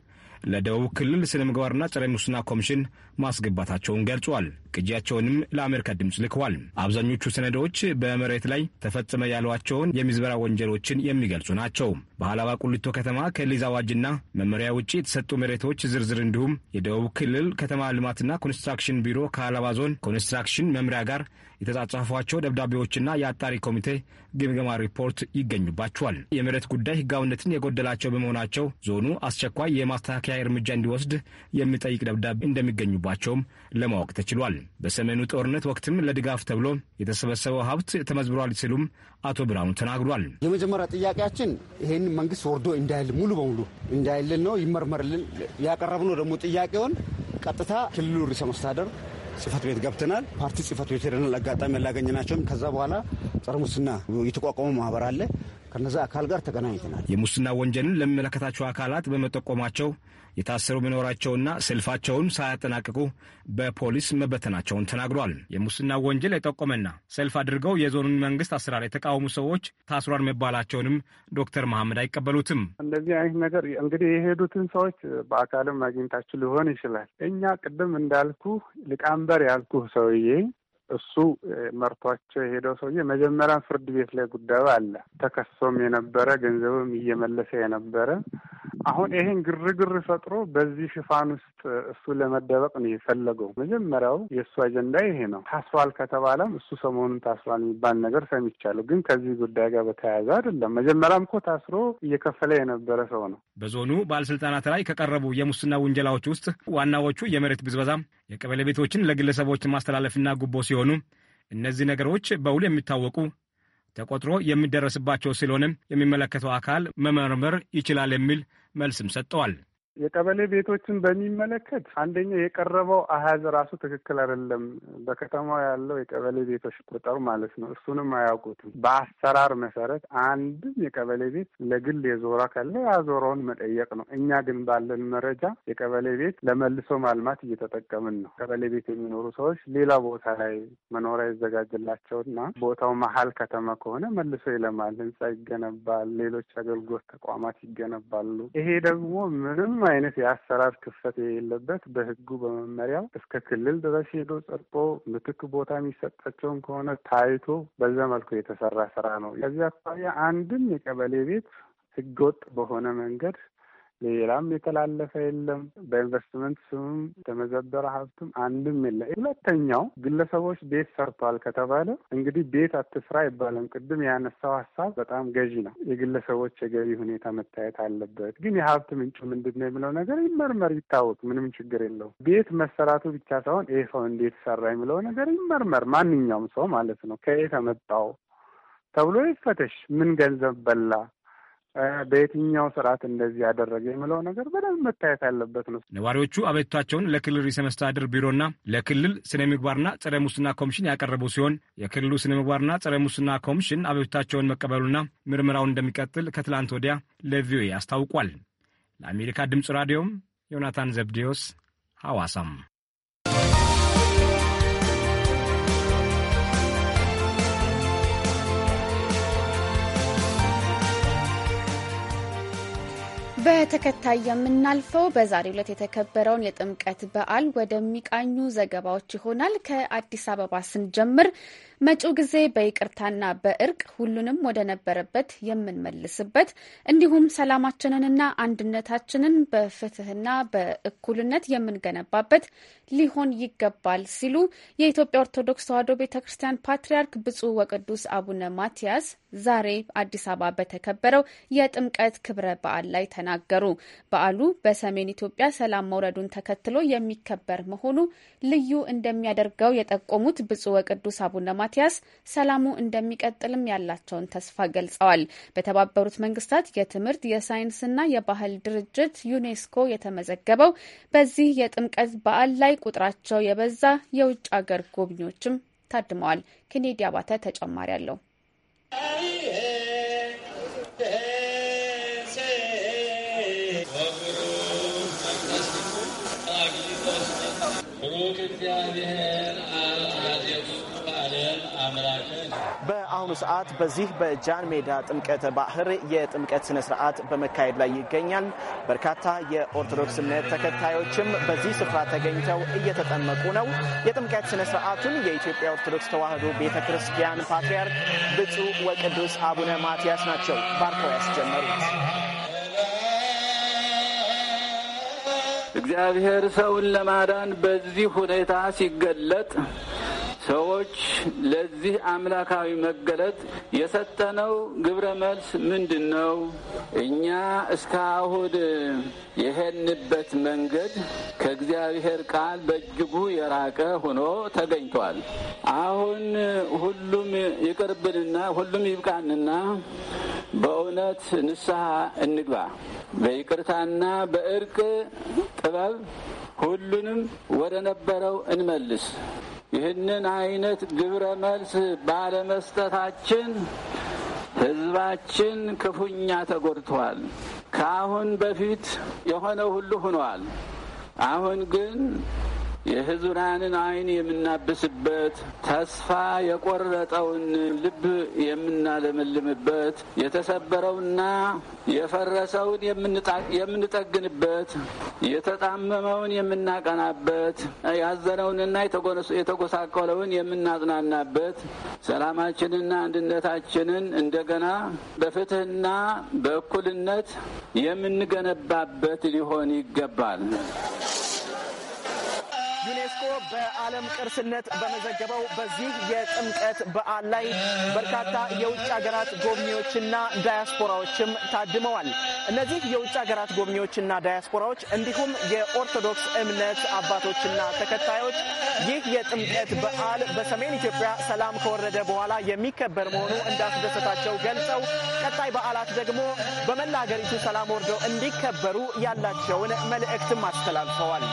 ለደቡብ ክልል ስነ ምግባርና ጸረ ሙስና ኮሚሽን ማስገባታቸውን ገልጿል። ቅጂያቸውንም ለአሜሪካ ድምፅ ልከዋል። አብዛኞቹ ሰነዶች በመሬት ላይ ተፈጸመ ያሏቸውን የምዝበራ ወንጀሎችን የሚገልጹ ናቸው። በሀላባ ቁሊቶ ከተማ ከሊዝ አዋጅና መመሪያ ውጭ የተሰጡ መሬቶች ዝርዝር እንዲሁም የደቡብ ክልል ከተማ ልማትና ኮንስትራክሽን ቢሮ ከሀላባ ዞን ኮንስትራክሽን መምሪያ ጋር የተጻጻፏቸው ደብዳቤዎችና የአጣሪ ኮሚቴ ግምገማ ሪፖርት ይገኙባቸዋል። የመሬት ጉዳይ ህጋዊነትን የጎደላቸው በመሆናቸው ዞኑ አስቸኳይ የማስተካከያ እርምጃ እንዲወስድ የሚጠይቅ ደብዳቤ እንደሚገኙባቸውም ለማወቅ ተችሏል። በሰሜኑ ጦርነት ወቅትም ለድጋፍ ተብሎ የተሰበሰበው ሀብት ተመዝብሯል ሲሉም አቶ ብርሃኑ ተናግሯል። የመጀመሪያ ጥያቄያችን ይህን መንግስት ወርዶ እንዳይል ሙሉ በሙሉ እንዳይልን ነው፣ ይመርመርልን። ያቀረብነው ደግሞ ጥያቄውን ቀጥታ ክልሉ ርዕሰ መስተዳድር ጽፈት ቤት ገብተናል። ፓርቲ ጽህፈት ቤት ሄደናል። አጋጣሚ ናቸውም። ከዛ በኋላ ጸረ ሙስና የተቋቋመ ማህበር አለ። ከነዛ አካል ጋር ተገናኝተናል። የሙስና ወንጀልን ለሚመለከታቸው አካላት በመጠቆማቸው የታሰሩ መኖራቸውና ሰልፋቸውን ሳያጠናቅቁ በፖሊስ መበተናቸውን ተናግሯል። የሙስና ወንጀል የጠቆመና ሰልፍ አድርገው የዞኑን መንግስት አሰራር የተቃወሙ ሰዎች ታስሯል መባላቸውንም ዶክተር መሐመድ አይቀበሉትም። እንደዚህ አይነት ነገር እንግዲህ የሄዱትን ሰዎች በአካልም አግኝታችሁ ሊሆን ይችላል። እኛ ቅድም እንዳልኩ ሊቀመንበር ያልኩ ሰውዬ እሱ መርቷቸው የሄደው ሰውዬ መጀመሪያ ፍርድ ቤት ላይ ጉዳዩ አለ። ተከሶም የነበረ ገንዘብም እየመለሰ የነበረ አሁን ይሄን ግርግር ፈጥሮ በዚህ ሽፋን ውስጥ እሱ ለመደበቅ ነው የፈለገው። መጀመሪያው የእሱ አጀንዳ ይሄ ነው። ታስሯል ከተባለም እሱ ሰሞኑን ታስሯል የሚባል ነገር ሰምቻለሁ፣ ግን ከዚህ ጉዳይ ጋር በተያያዘ አይደለም። መጀመሪያም እኮ ታስሮ እየከፈለ የነበረ ሰው ነው። በዞኑ ባለስልጣናት ላይ ከቀረቡ የሙስና ውንጀላዎች ውስጥ ዋናዎቹ የመሬት ብዝበዛ፣ የቀበሌ ቤቶችን ለግለሰቦች ማስተላለፍና ጉቦ ሲሆኑ እነዚህ ነገሮች በውል የሚታወቁ ተቆጥሮ የሚደረስባቸው ስለሆነ የሚመለከተው አካል መመርመር ይችላል የሚል መልስም ሰጥተዋል። የቀበሌ ቤቶችን በሚመለከት አንደኛ የቀረበው አሀዝ ራሱ ትክክል አይደለም። በከተማው ያለው የቀበሌ ቤቶች ቁጥር ማለት ነው። እሱንም አያውቁትም። በአሰራር መሰረት አንድም የቀበሌ ቤት ለግል የዞራ ካለ ያዞረውን መጠየቅ ነው። እኛ ግን ባለን መረጃ የቀበሌ ቤት ለመልሶ ማልማት እየተጠቀምን ነው። ቀበሌ ቤት የሚኖሩ ሰዎች ሌላ ቦታ ላይ መኖሪያ ይዘጋጅላቸውና ቦታው መሀል ከተማ ከሆነ መልሶ ይለማል፣ ህንፃ ይገነባል፣ ሌሎች አገልግሎት ተቋማት ይገነባሉ። ይሄ ደግሞ ምንም አይነት የአሰራር ክፍተት የሌለበት በህጉ በመመሪያው እስከ ክልል ድረስ ሄዶ ጸድቆ ምትክ ቦታ የሚሰጣቸውም ከሆነ ታይቶ በዛ መልኩ የተሰራ ስራ ነው። ከዚህ አኳያ አንድም የቀበሌ ቤት ህገወጥ በሆነ መንገድ ሌላም የተላለፈ የለም። በኢንቨስትመንት ስምም የተመዘበረ ሀብትም አንድም የለም። ሁለተኛው ግለሰቦች ቤት ሰርቷል ከተባለ እንግዲህ ቤት አትስራ አይባልም። ቅድም ያነሳው ሀሳብ በጣም ገዢ ነው። የግለሰቦች የገቢ ሁኔታ መታየት አለበት። ግን የሀብት ምንጩ ምንድን ነው የሚለው ነገር ይመርመር፣ ይታወቅ። ምንም ችግር የለውም። ቤት መሰራቱ ብቻ ሳይሆን ይህ ሰው እንዴት ሰራ የሚለው ነገር ይመርመር። ማንኛውም ሰው ማለት ነው ከየት መጣው ተብሎ ይፈተሽ። ምን ገንዘብ በላ በየትኛው ስርዓት እንደዚህ ያደረገ የሚለው ነገር በደንብ መታየት ያለበት ነው። ነዋሪዎቹ አቤቱታቸውን ለክልል ርዕሰ መስተዳድር ቢሮና ለክልል ስነ ምግባርና ጸረ ሙስና ኮሚሽን ያቀረቡ ሲሆን የክልሉ ስነ ምግባርና ጸረ ሙስና ኮሚሽን አቤቱታቸውን መቀበሉና ምርመራውን እንደሚቀጥል ከትላንት ወዲያ ለቪኦኤ አስታውቋል። ለአሜሪካ ድምፅ ራዲዮም ዮናታን ዘብዴዎስ ሐዋሳም በተከታይ የምናልፈው በዛሬ ዕለት የተከበረውን የጥምቀት በዓል ወደሚቃኙ ዘገባዎች ይሆናል። ከአዲስ አበባ ስንጀምር መጪው ጊዜ በይቅርታና በእርቅ ሁሉንም ወደ ነበረበት የምንመልስበት እንዲሁም ሰላማችንንና አንድነታችንን በፍትህና በእኩልነት የምንገነባበት ሊሆን ይገባል ሲሉ የኢትዮጵያ ኦርቶዶክስ ተዋሕዶ ቤተ ክርስቲያን ፓትርያርክ ብፁዕ ወቅዱስ አቡነ ማትያስ ዛሬ አዲስ አበባ በተከበረው የጥምቀት ክብረ በዓል ላይ ተናግረዋል። ተናገሩ። በዓሉ በሰሜን ኢትዮጵያ ሰላም መውረዱን ተከትሎ የሚከበር መሆኑ ልዩ እንደሚያደርገው የጠቆሙት ብፁዕ ወቅዱስ አቡነ ማትያስ ሰላሙ እንደሚቀጥልም ያላቸውን ተስፋ ገልጸዋል። በተባበሩት መንግስታት የትምህርት የሳይንስና የባህል ድርጅት ዩኔስኮ የተመዘገበው በዚህ የጥምቀት በዓል ላይ ቁጥራቸው የበዛ የውጭ አገር ጎብኚዎችም ታድመዋል። ኬኔዲ አባተ ተጨማሪ አለው። በአሁኑ ሰዓት በዚህ በጃን ሜዳ ጥምቀተ ባህር የጥምቀት ስነ ስርዓት በመካሄድ ላይ ይገኛል። በርካታ የኦርቶዶክስ እምነት ተከታዮችም በዚህ ስፍራ ተገኝተው እየተጠመቁ ነው። የጥምቀት ስነ ስርዓቱን የኢትዮጵያ ኦርቶዶክስ ተዋህዶ ቤተ ክርስቲያን ፓትርያርክ ብፁዕ ወቅዱስ አቡነ ማትያስ ናቸው ባርከው ያስጀመሩት። እግዚአብሔር ሰውን ለማዳን በዚህ ሁኔታ ሲገለጥ ሰዎች ለዚህ አምላካዊ መገለጥ የሰጠነው ግብረ መልስ ምንድን ነው? እኛ እስካሁን የሄድንበት መንገድ ከእግዚአብሔር ቃል በእጅጉ የራቀ ሆኖ ተገኝቷል። አሁን ሁሉም ይቅርብንና ሁሉም ይብቃንና በእውነት ንስሐ እንግባ። በይቅርታና በእርቅ ጥበብ ሁሉንም ወደ ነበረው እንመልስ። ይህንን አይነት ግብረ መልስ ባለመስጠታችን ህዝባችን ክፉኛ ተጎድቷል። ከአሁን በፊት የሆነ ሁሉ ሆኗል። አሁን ግን የህዙራንን አይን የምናብስበት፣ ተስፋ የቆረጠውን ልብ የምናለመልምበት፣ የተሰበረውና የፈረሰውን የምንጠግንበት፣ የተጣመመውን የምናቀናበት፣ ያዘነውንና የተጎሳቆለውን የምናጽናናበት፣ ሰላማችንና አንድነታችንን እንደገና በፍትህና በእኩልነት የምንገነባበት ሊሆን ይገባል። you ዩኔስኮ በዓለም ቅርስነት በመዘገበው በዚህ የጥምቀት በዓል ላይ በርካታ የውጭ ሀገራት ጎብኚዎችና ዳያስፖራዎችም ታድመዋል። እነዚህ የውጭ ሀገራት ጎብኚዎችና ዳያስፖራዎች እንዲሁም የኦርቶዶክስ እምነት አባቶችና ተከታዮች ይህ የጥምቀት በዓል በሰሜን ኢትዮጵያ ሰላም ከወረደ በኋላ የሚከበር መሆኑ እንዳስደሰታቸው ገልጸው ቀጣይ በዓላት ደግሞ በመላ ሀገሪቱ ሰላም ወርደው እንዲከበሩ ያላቸውን መልእክትም አስተላልፈዋል።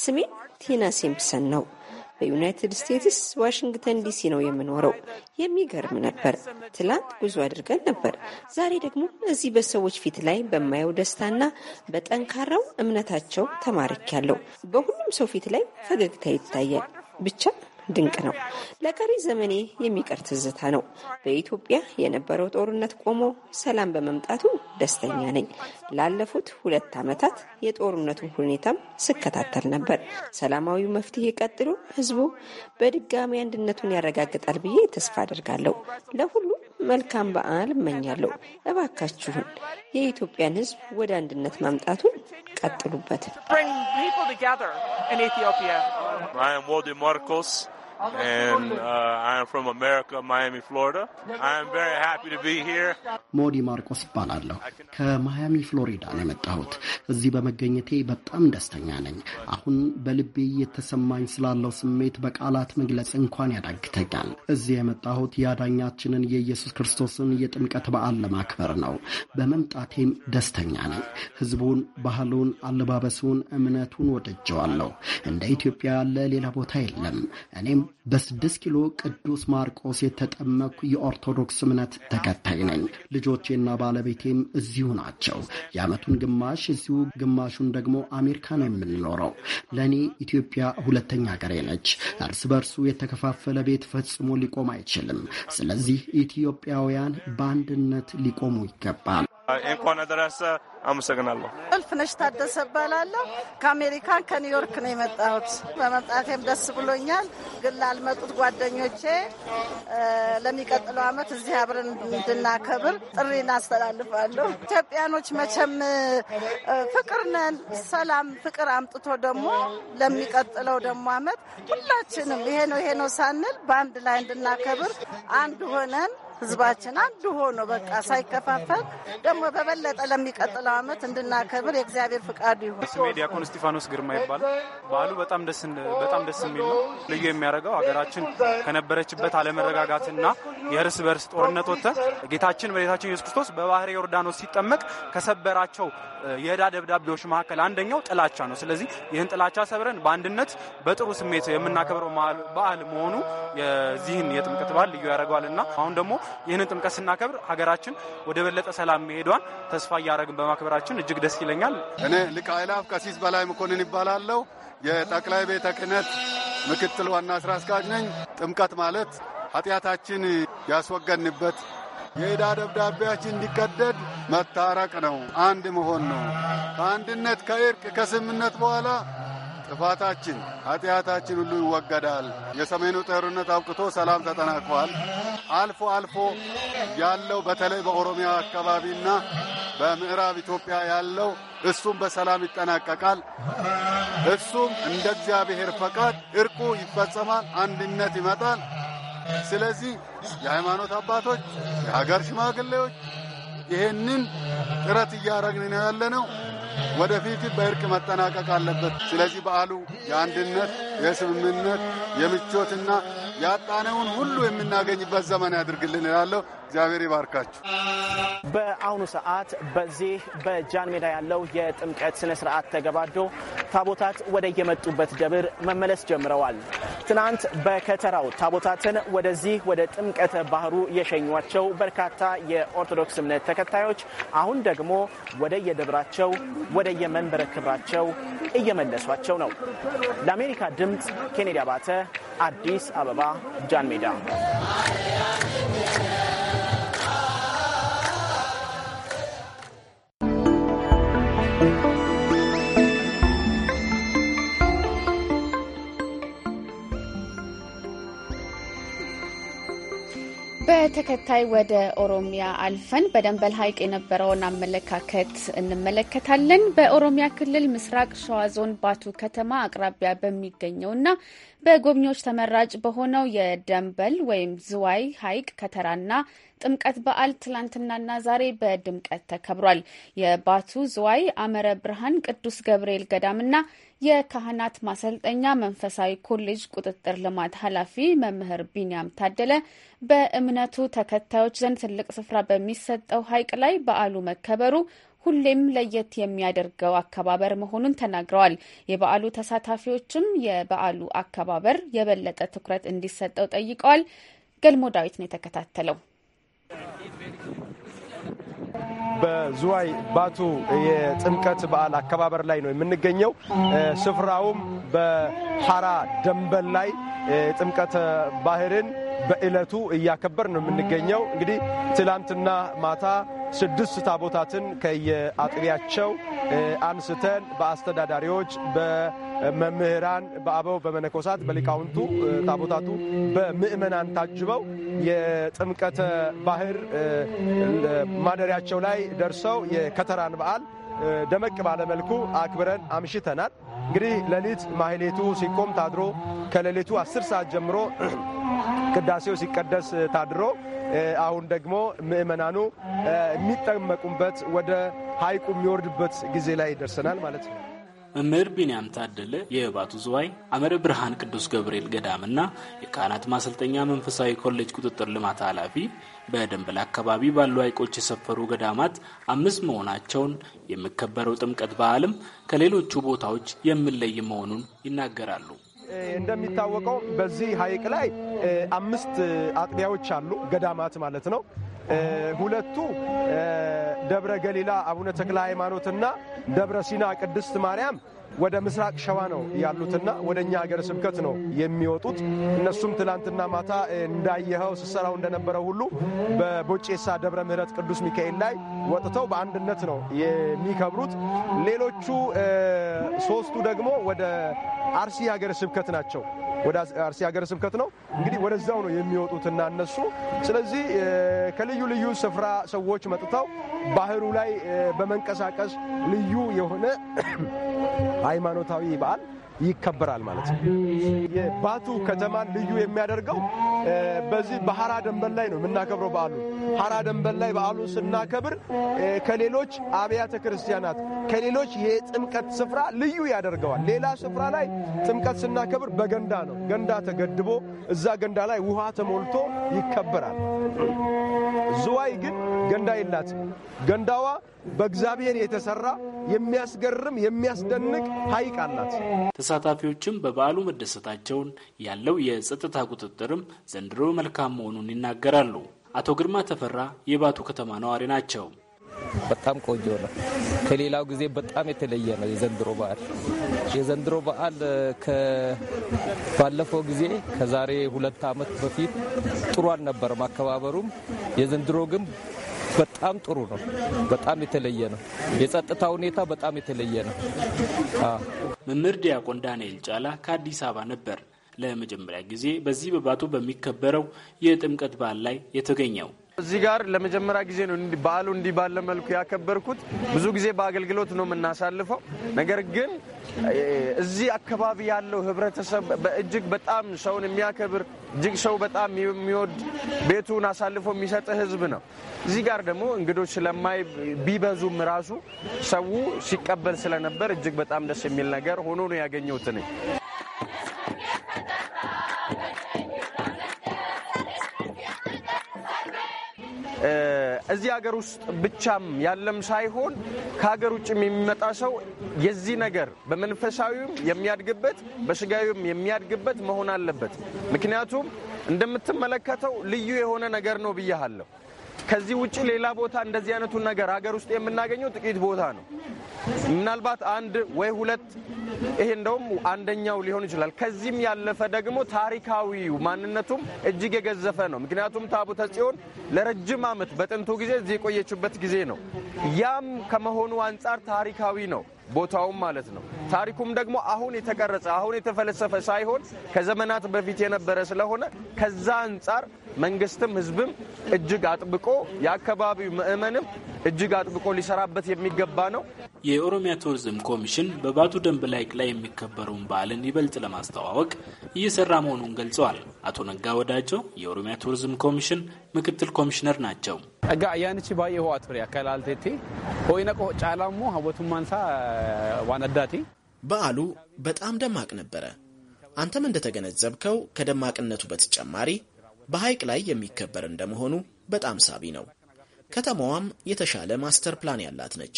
ስሜ ቲና ሴምፕሰን ነው። በዩናይትድ ስቴትስ ዋሽንግተን ዲሲ ነው የምኖረው። የሚገርም ነበር። ትላንት ጉዞ አድርገን ነበር። ዛሬ ደግሞ እዚህ በሰዎች ፊት ላይ በማየው ደስታና በጠንካራው እምነታቸው ተማርኪያለሁ። በሁሉም ሰው ፊት ላይ ፈገግታ ይታያል። ብቻ ድንቅ ነው። ለቀሪ ዘመኔ የሚቀር ትዝታ ነው። በኢትዮጵያ የነበረው ጦርነት ቆሞ ሰላም በመምጣቱ ደስተኛ ነኝ። ላለፉት ሁለት ዓመታት የጦርነቱን ሁኔታም ስከታተል ነበር። ሰላማዊ መፍትሄ ቀጥሎ ህዝቡ በድጋሚ አንድነቱን ያረጋግጣል ብዬ ተስፋ አድርጋለሁ። ለሁሉ መልካም በዓል እመኛለሁ። እባካችሁን የኢትዮጵያን ህዝብ ወደ አንድነት ማምጣቱን ቀጥሉበት። and uh, I am from America, Miami, Florida. I am very happy to be here. ሞዲ ማርቆስ ይባላለሁ። ከማያሚ ፍሎሪዳ ነው የመጣሁት። እዚህ በመገኘቴ በጣም ደስተኛ ነኝ። አሁን በልቤ እየተሰማኝ ስላለው ስሜት በቃላት መግለጽ እንኳን ያዳግተኛል። እዚህ የመጣሁት የአዳኛችንን የኢየሱስ ክርስቶስን የጥምቀት በዓል ለማክበር ነው። በመምጣቴም ደስተኛ ነኝ። ህዝቡን፣ ባህሉን፣ አለባበሱን፣ እምነቱን ወደጀዋለሁ። እንደ ኢትዮጵያ ያለ ሌላ ቦታ የለም። እኔም በስድስት ኪሎ ቅዱስ ማርቆስ የተጠመኩ የኦርቶዶክስ እምነት ተከታይ ነኝ። ልጆቼና ባለቤቴም እዚሁ ናቸው። የዓመቱን ግማሽ እዚሁ፣ ግማሹን ደግሞ አሜሪካ ነው የምንኖረው። ለእኔ ኢትዮጵያ ሁለተኛ ሀገሬ ነች። እርስ በርሱ የተከፋፈለ ቤት ፈጽሞ ሊቆም አይችልም። ስለዚህ ኢትዮጵያውያን በአንድነት ሊቆሙ ይገባል። እንኳን አደረሰ። አመሰግናለሁ። እልፍነሽ ታደሰ እባላለሁ። ከአሜሪካን ከኒውዮርክ ነው የመጣሁት። በመምጣቴም ደስ ብሎኛል። ግን ላልመጡት ጓደኞቼ ለሚቀጥለው ዓመት እዚህ አብረን እንድናከብር ጥሪ እናስተላልፋለሁ። ኢትዮጵያኖች መቼም ፍቅር ነን። ሰላም ፍቅር አምጥቶ ደግሞ ለሚቀጥለው ደግሞ አመት ሁላችንም ይሄ ነው ይሄ ነው ሳንል በአንድ ላይ እንድናከብር አንድ ሆነን ህዝባችን አንድ ሆኖ በቃ ሳይከፋፈል ደግሞ በበለጠ ለሚቀጥለው ዓመት እንድናከብር የእግዚአብሔር ፍቃዱ ይሁን። ስሜ ዲያቆን እስጢፋኖስ ግርማ ይባላል። በዓሉ በጣም ደስ የሚል ነው። ልዩ የሚያደርገው ሀገራችን ከነበረችበት አለመረጋጋትና የእርስ በርስ ጦርነት ወጥተን ጌታችን መድኃኒታችን ኢየሱስ ክርስቶስ በባህረ ዮርዳኖስ ሲጠመቅ ከሰበራቸው የዳ ደብዳቤዎች መካከል አንደኛው ጥላቻ ነው። ስለዚህ ይህን ጥላቻ ሰብረን በአንድነት በጥሩ ስሜት የምናከብረው በዓል መሆኑ የዚህን የጥምቀት በዓል ልዩ ያደርገዋልና አሁን ደግሞ ይህንን ጥምቀት ስናከብር ሀገራችን ወደ በለጠ ሰላም መሄዷን ተስፋ እያደረግን በማክበራችን እጅግ ደስ ይለኛል። እኔ ሊቀ አእላፍ ቀሲስ በላይ መኮንን ይባላለሁ። የጠቅላይ ቤተ ክህነት ምክትል ዋና ስራ አስኪያጅ ነኝ። ጥምቀት ማለት ኃጢአታችን ያስወገድንበት የዕዳ ደብዳቤያችን እንዲቀደድ መታረቅ ነው፣ አንድ መሆን ነው። ከአንድነት ከእርቅ ከስምምነት በኋላ ጥፋታችን፣ ኃጢአታችን ሁሉ ይወገዳል። የሰሜኑ ጦርነት አብቅቶ ሰላም ተጠናቋል። አልፎ አልፎ ያለው በተለይ በኦሮሚያ አካባቢና በምዕራብ ኢትዮጵያ ያለው እሱም በሰላም ይጠናቀቃል። እሱም እንደ እግዚአብሔር ፈቃድ እርቁ ይፈጸማል፣ አንድነት ይመጣል። ስለዚህ የሃይማኖት አባቶች፣ የሀገር ሽማግሌዎች ይህንን ጥረት እያረግን ነው ያለነው። ወደፊት በእርቅ መጠናቀቅ አለበት። ስለዚህ በዓሉ የአንድነት፣ የስምምነት፣ የምቾትና ያጣነውን ሁሉ የምናገኝበት ዘመን ያድርግልን እላለሁ። እግዚአብሔር ይባርካችሁ። በአሁኑ ሰዓት በዚህ በጃን ሜዳ ያለው የጥምቀት ስነ ስርዓት ተገባዶ ታቦታት ወደ የመጡበት ደብር መመለስ ጀምረዋል። ትናንት በከተራው ታቦታትን ወደዚህ ወደ ጥምቀተ ባህሩ የሸኟቸው በርካታ የኦርቶዶክስ እምነት ተከታዮች አሁን ደግሞ ወደ የደብራቸው ወደ የመንበረ ክብራቸው እየመለሷቸው ነው። ለአሜሪካ ድምፅ ኬኔዲ አባተ አዲስ አበባ ጃን ሜዳ በተከታይ ወደ ኦሮሚያ አልፈን በደንበል ሐይቅ የነበረውን አመለካከት እንመለከታለን። በኦሮሚያ ክልል ምስራቅ ሸዋ ዞን ባቱ ከተማ አቅራቢያ በሚገኘውና በጎብኚዎች ተመራጭ በሆነው የደንበል ወይም ዝዋይ ሐይቅ ከተራና ጥምቀት በዓል ትላንትናና ዛሬ በድምቀት ተከብሯል። የባቱ ዝዋይ አመረ ብርሃን ቅዱስ ገብርኤል ገዳምና የካህናት ማሰልጠኛ መንፈሳዊ ኮሌጅ ቁጥጥር ልማት ኃላፊ መምህር ቢንያም ታደለ በእምነቱ ተከታዮች ዘንድ ትልቅ ስፍራ በሚሰጠው ሐይቅ ላይ በዓሉ መከበሩ ሁሌም ለየት የሚያደርገው አከባበር መሆኑን ተናግረዋል። የበዓሉ ተሳታፊዎችም የበዓሉ አከባበር የበለጠ ትኩረት እንዲሰጠው ጠይቀዋል። ገልሞ ዳዊት ነው የተከታተለው። በዙዋይ ባቱ የጥምቀት በዓል አከባበር ላይ ነው የምንገኘው። ስፍራውም በሐራ ደንበል ላይ የጥምቀት ባህርን በዕለቱ እያከበር ነው የምንገኘው። እንግዲህ ትላንትና ማታ ስድስት ታቦታትን ከየአጥቢያቸው አንስተን በአስተዳዳሪዎች፣ በመምህራን፣ በአበው፣ በመነኮሳት፣ በሊቃውንቱ ታቦታቱ በምእመናን ታጅበው የጥምቀተ ባህር ማደሪያቸው ላይ ደርሰው የከተራን በዓል ደመቅ ባለመልኩ አክብረን አምሽተናል። እንግዲህ ሌሊት ማህሌቱ ሲቆም ታድሮ ከሌሊቱ አስር ሰዓት ጀምሮ ቅዳሴው ሲቀደስ ታድሮ አሁን ደግሞ ምእመናኑ የሚጠመቁበት ወደ ሀይቁ የሚወርድበት ጊዜ ላይ ይደርሰናል ማለት ነው። መምህር ቢንያም ታደለ የህባቱ ዝዋይ አመረ ብርሃን ቅዱስ ገብርኤል ገዳምና የካህናት ማሰልጠኛ መንፈሳዊ ኮሌጅ ቁጥጥር ልማት ኃላፊ በደንበል አካባቢ ባሉ ሐይቆች የሰፈሩ ገዳማት አምስት መሆናቸውን የሚከበረው ጥምቀት በዓልም ከሌሎቹ ቦታዎች የሚለይ መሆኑን ይናገራሉ። እንደሚታወቀው በዚህ ሐይቅ ላይ አምስት አጥቢያዎች አሉ፣ ገዳማት ማለት ነው። ሁለቱ ደብረ ገሊላ አቡነ ተክለ ሃይማኖትና ደብረ ሲና ቅድስት ማርያም ወደ ምስራቅ ሸዋ ነው ያሉትና ወደ እኛ ሀገረ ስብከት ነው የሚወጡት። እነሱም ትላንትና ማታ እንዳየኸው ስሰራው እንደነበረው ሁሉ በቦጬሳ ደብረ ምሕረት ቅዱስ ሚካኤል ላይ ወጥተው በአንድነት ነው የሚከብሩት። ሌሎቹ ሶስቱ ደግሞ ወደ አርሲ ሀገረ ስብከት ናቸው ወደ አርሲ ሀገረ ስብከት ነው እንግዲህ ወደዛው ነው የሚወጡትና እነሱ ስለዚህ ከልዩ ልዩ ስፍራ ሰዎች መጥተው ባህሩ ላይ በመንቀሳቀስ ልዩ የሆነ ሃይማኖታዊ በዓል ይከበራል ማለት ነው። የባቱ ከተማን ልዩ የሚያደርገው በዚህ በሀራ ደንበል ላይ ነው የምናከብረው በዓሉ። ሀራ ደንበል ላይ በአሉ ስናከብር ከሌሎች አብያተ ክርስቲያናት ከሌሎች የጥምቀት ስፍራ ልዩ ያደርገዋል። ሌላ ስፍራ ላይ ጥምቀት ስናከብር በገንዳ ነው። ገንዳ ተገድቦ እዛ ገንዳ ላይ ውሃ ተሞልቶ ይከበራል። ዝዋይ ግን ገንዳ የላትም። ገንዳዋ በእግዚአብሔር የተሰራ የሚያስገርም የሚያስደንቅ ሐይቅ አላት። ተሳታፊዎችም በበዓሉ መደሰታቸውን ያለው የጸጥታ ቁጥጥርም ዘንድሮ መልካም መሆኑን ይናገራሉ። አቶ ግርማ ተፈራ የባቱ ከተማ ነዋሪ ናቸው። በጣም ቆንጆ ነው። ከሌላው ጊዜ በጣም የተለየ ነው የዘንድሮ በዓል። የዘንድሮ በዓል ባለፈው ጊዜ ከዛሬ ሁለት ዓመት በፊት ጥሩ አልነበረም አከባበሩም። የዘንድሮ ግን በጣም ጥሩ ነው። በጣም የተለየ ነው። የጸጥታ ሁኔታ በጣም የተለየ ነው። መምህር ዲያቆን ዳንኤል ጫላ ከአዲስ አበባ ነበር ለመጀመሪያ ጊዜ በዚህ በባቱ በሚከበረው የጥምቀት በዓል ላይ የተገኘው። እዚህ ጋር ለመጀመሪያ ጊዜ ነው በዓሉ እንዲህ ባለ መልኩ ያከበርኩት። ብዙ ጊዜ በአገልግሎት ነው የምናሳልፈው። ነገር ግን እዚህ አካባቢ ያለው ህብረተሰብ እጅግ በጣም ሰውን የሚያከብር እጅግ ሰው በጣም የሚወድ ቤቱን አሳልፎ የሚሰጥ ህዝብ ነው። እዚህ ጋር ደግሞ እንግዶች ስለማይ ቢበዙም ራሱ ሰው ሲቀበል ስለነበር እጅግ በጣም ደስ የሚል ነገር ሆኖ ነው ያገኘሁት ነኝ። እዚህ ሀገር ውስጥ ብቻም ያለም ሳይሆን ከሀገር ውጭ የሚመጣ ሰው የዚህ ነገር በመንፈሳዊም የሚያድግበት በስጋዊም የሚያድግበት መሆን አለበት። ምክንያቱም እንደምትመለከተው ልዩ የሆነ ነገር ነው ብያሃለሁ። ከዚህ ውጭ ሌላ ቦታ እንደዚህ አይነቱን ነገር ሀገር ውስጥ የምናገኘው ጥቂት ቦታ ነው። ምናልባት አንድ ወይ ሁለት፣ ይሄ እንደውም አንደኛው ሊሆን ይችላል። ከዚህም ያለፈ ደግሞ ታሪካዊው ማንነቱም እጅግ የገዘፈ ነው። ምክንያቱም ታቦተ ጽዮን ለረጅም ዓመት በጥንቱ ጊዜ እዚህ የቆየችበት ጊዜ ነው። ያም ከመሆኑ አንጻር ታሪካዊ ነው። ቦታውም ማለት ነው። ታሪኩም ደግሞ አሁን የተቀረጸ አሁን የተፈለሰፈ ሳይሆን ከዘመናት በፊት የነበረ ስለሆነ ከዛ አንጻር መንግስትም ህዝብም እጅግ አጥብቆ የአካባቢው ምዕመንም እጅግ አጥብቆ ሊሰራበት የሚገባ ነው። የኦሮሚያ ቱሪዝም ኮሚሽን በባቱ ደንብ ላይቅ ላይ የሚከበረውን በዓልን ይበልጥ ለማስተዋወቅ እየሰራ መሆኑን ገልጸዋል። አቶ ነጋ ወዳጆ የኦሮሚያ ቱሪዝም ኮሚሽን ምክትል ኮሚሽነር ናቸው። Dhagga ayyaanichi baay'ee ho'aa ture akka ilaaltetti ho'ina caalaa immoo hawwatummaan eh, በዓሉ በጣም ደማቅ ነበረ። አንተም እንደተገነዘብከው ከደማቅነቱ በተጨማሪ በሐይቅ ላይ የሚከበር እንደመሆኑ በጣም ሳቢ ነው። ከተማዋም የተሻለ ማስተር ፕላን ያላት ነች።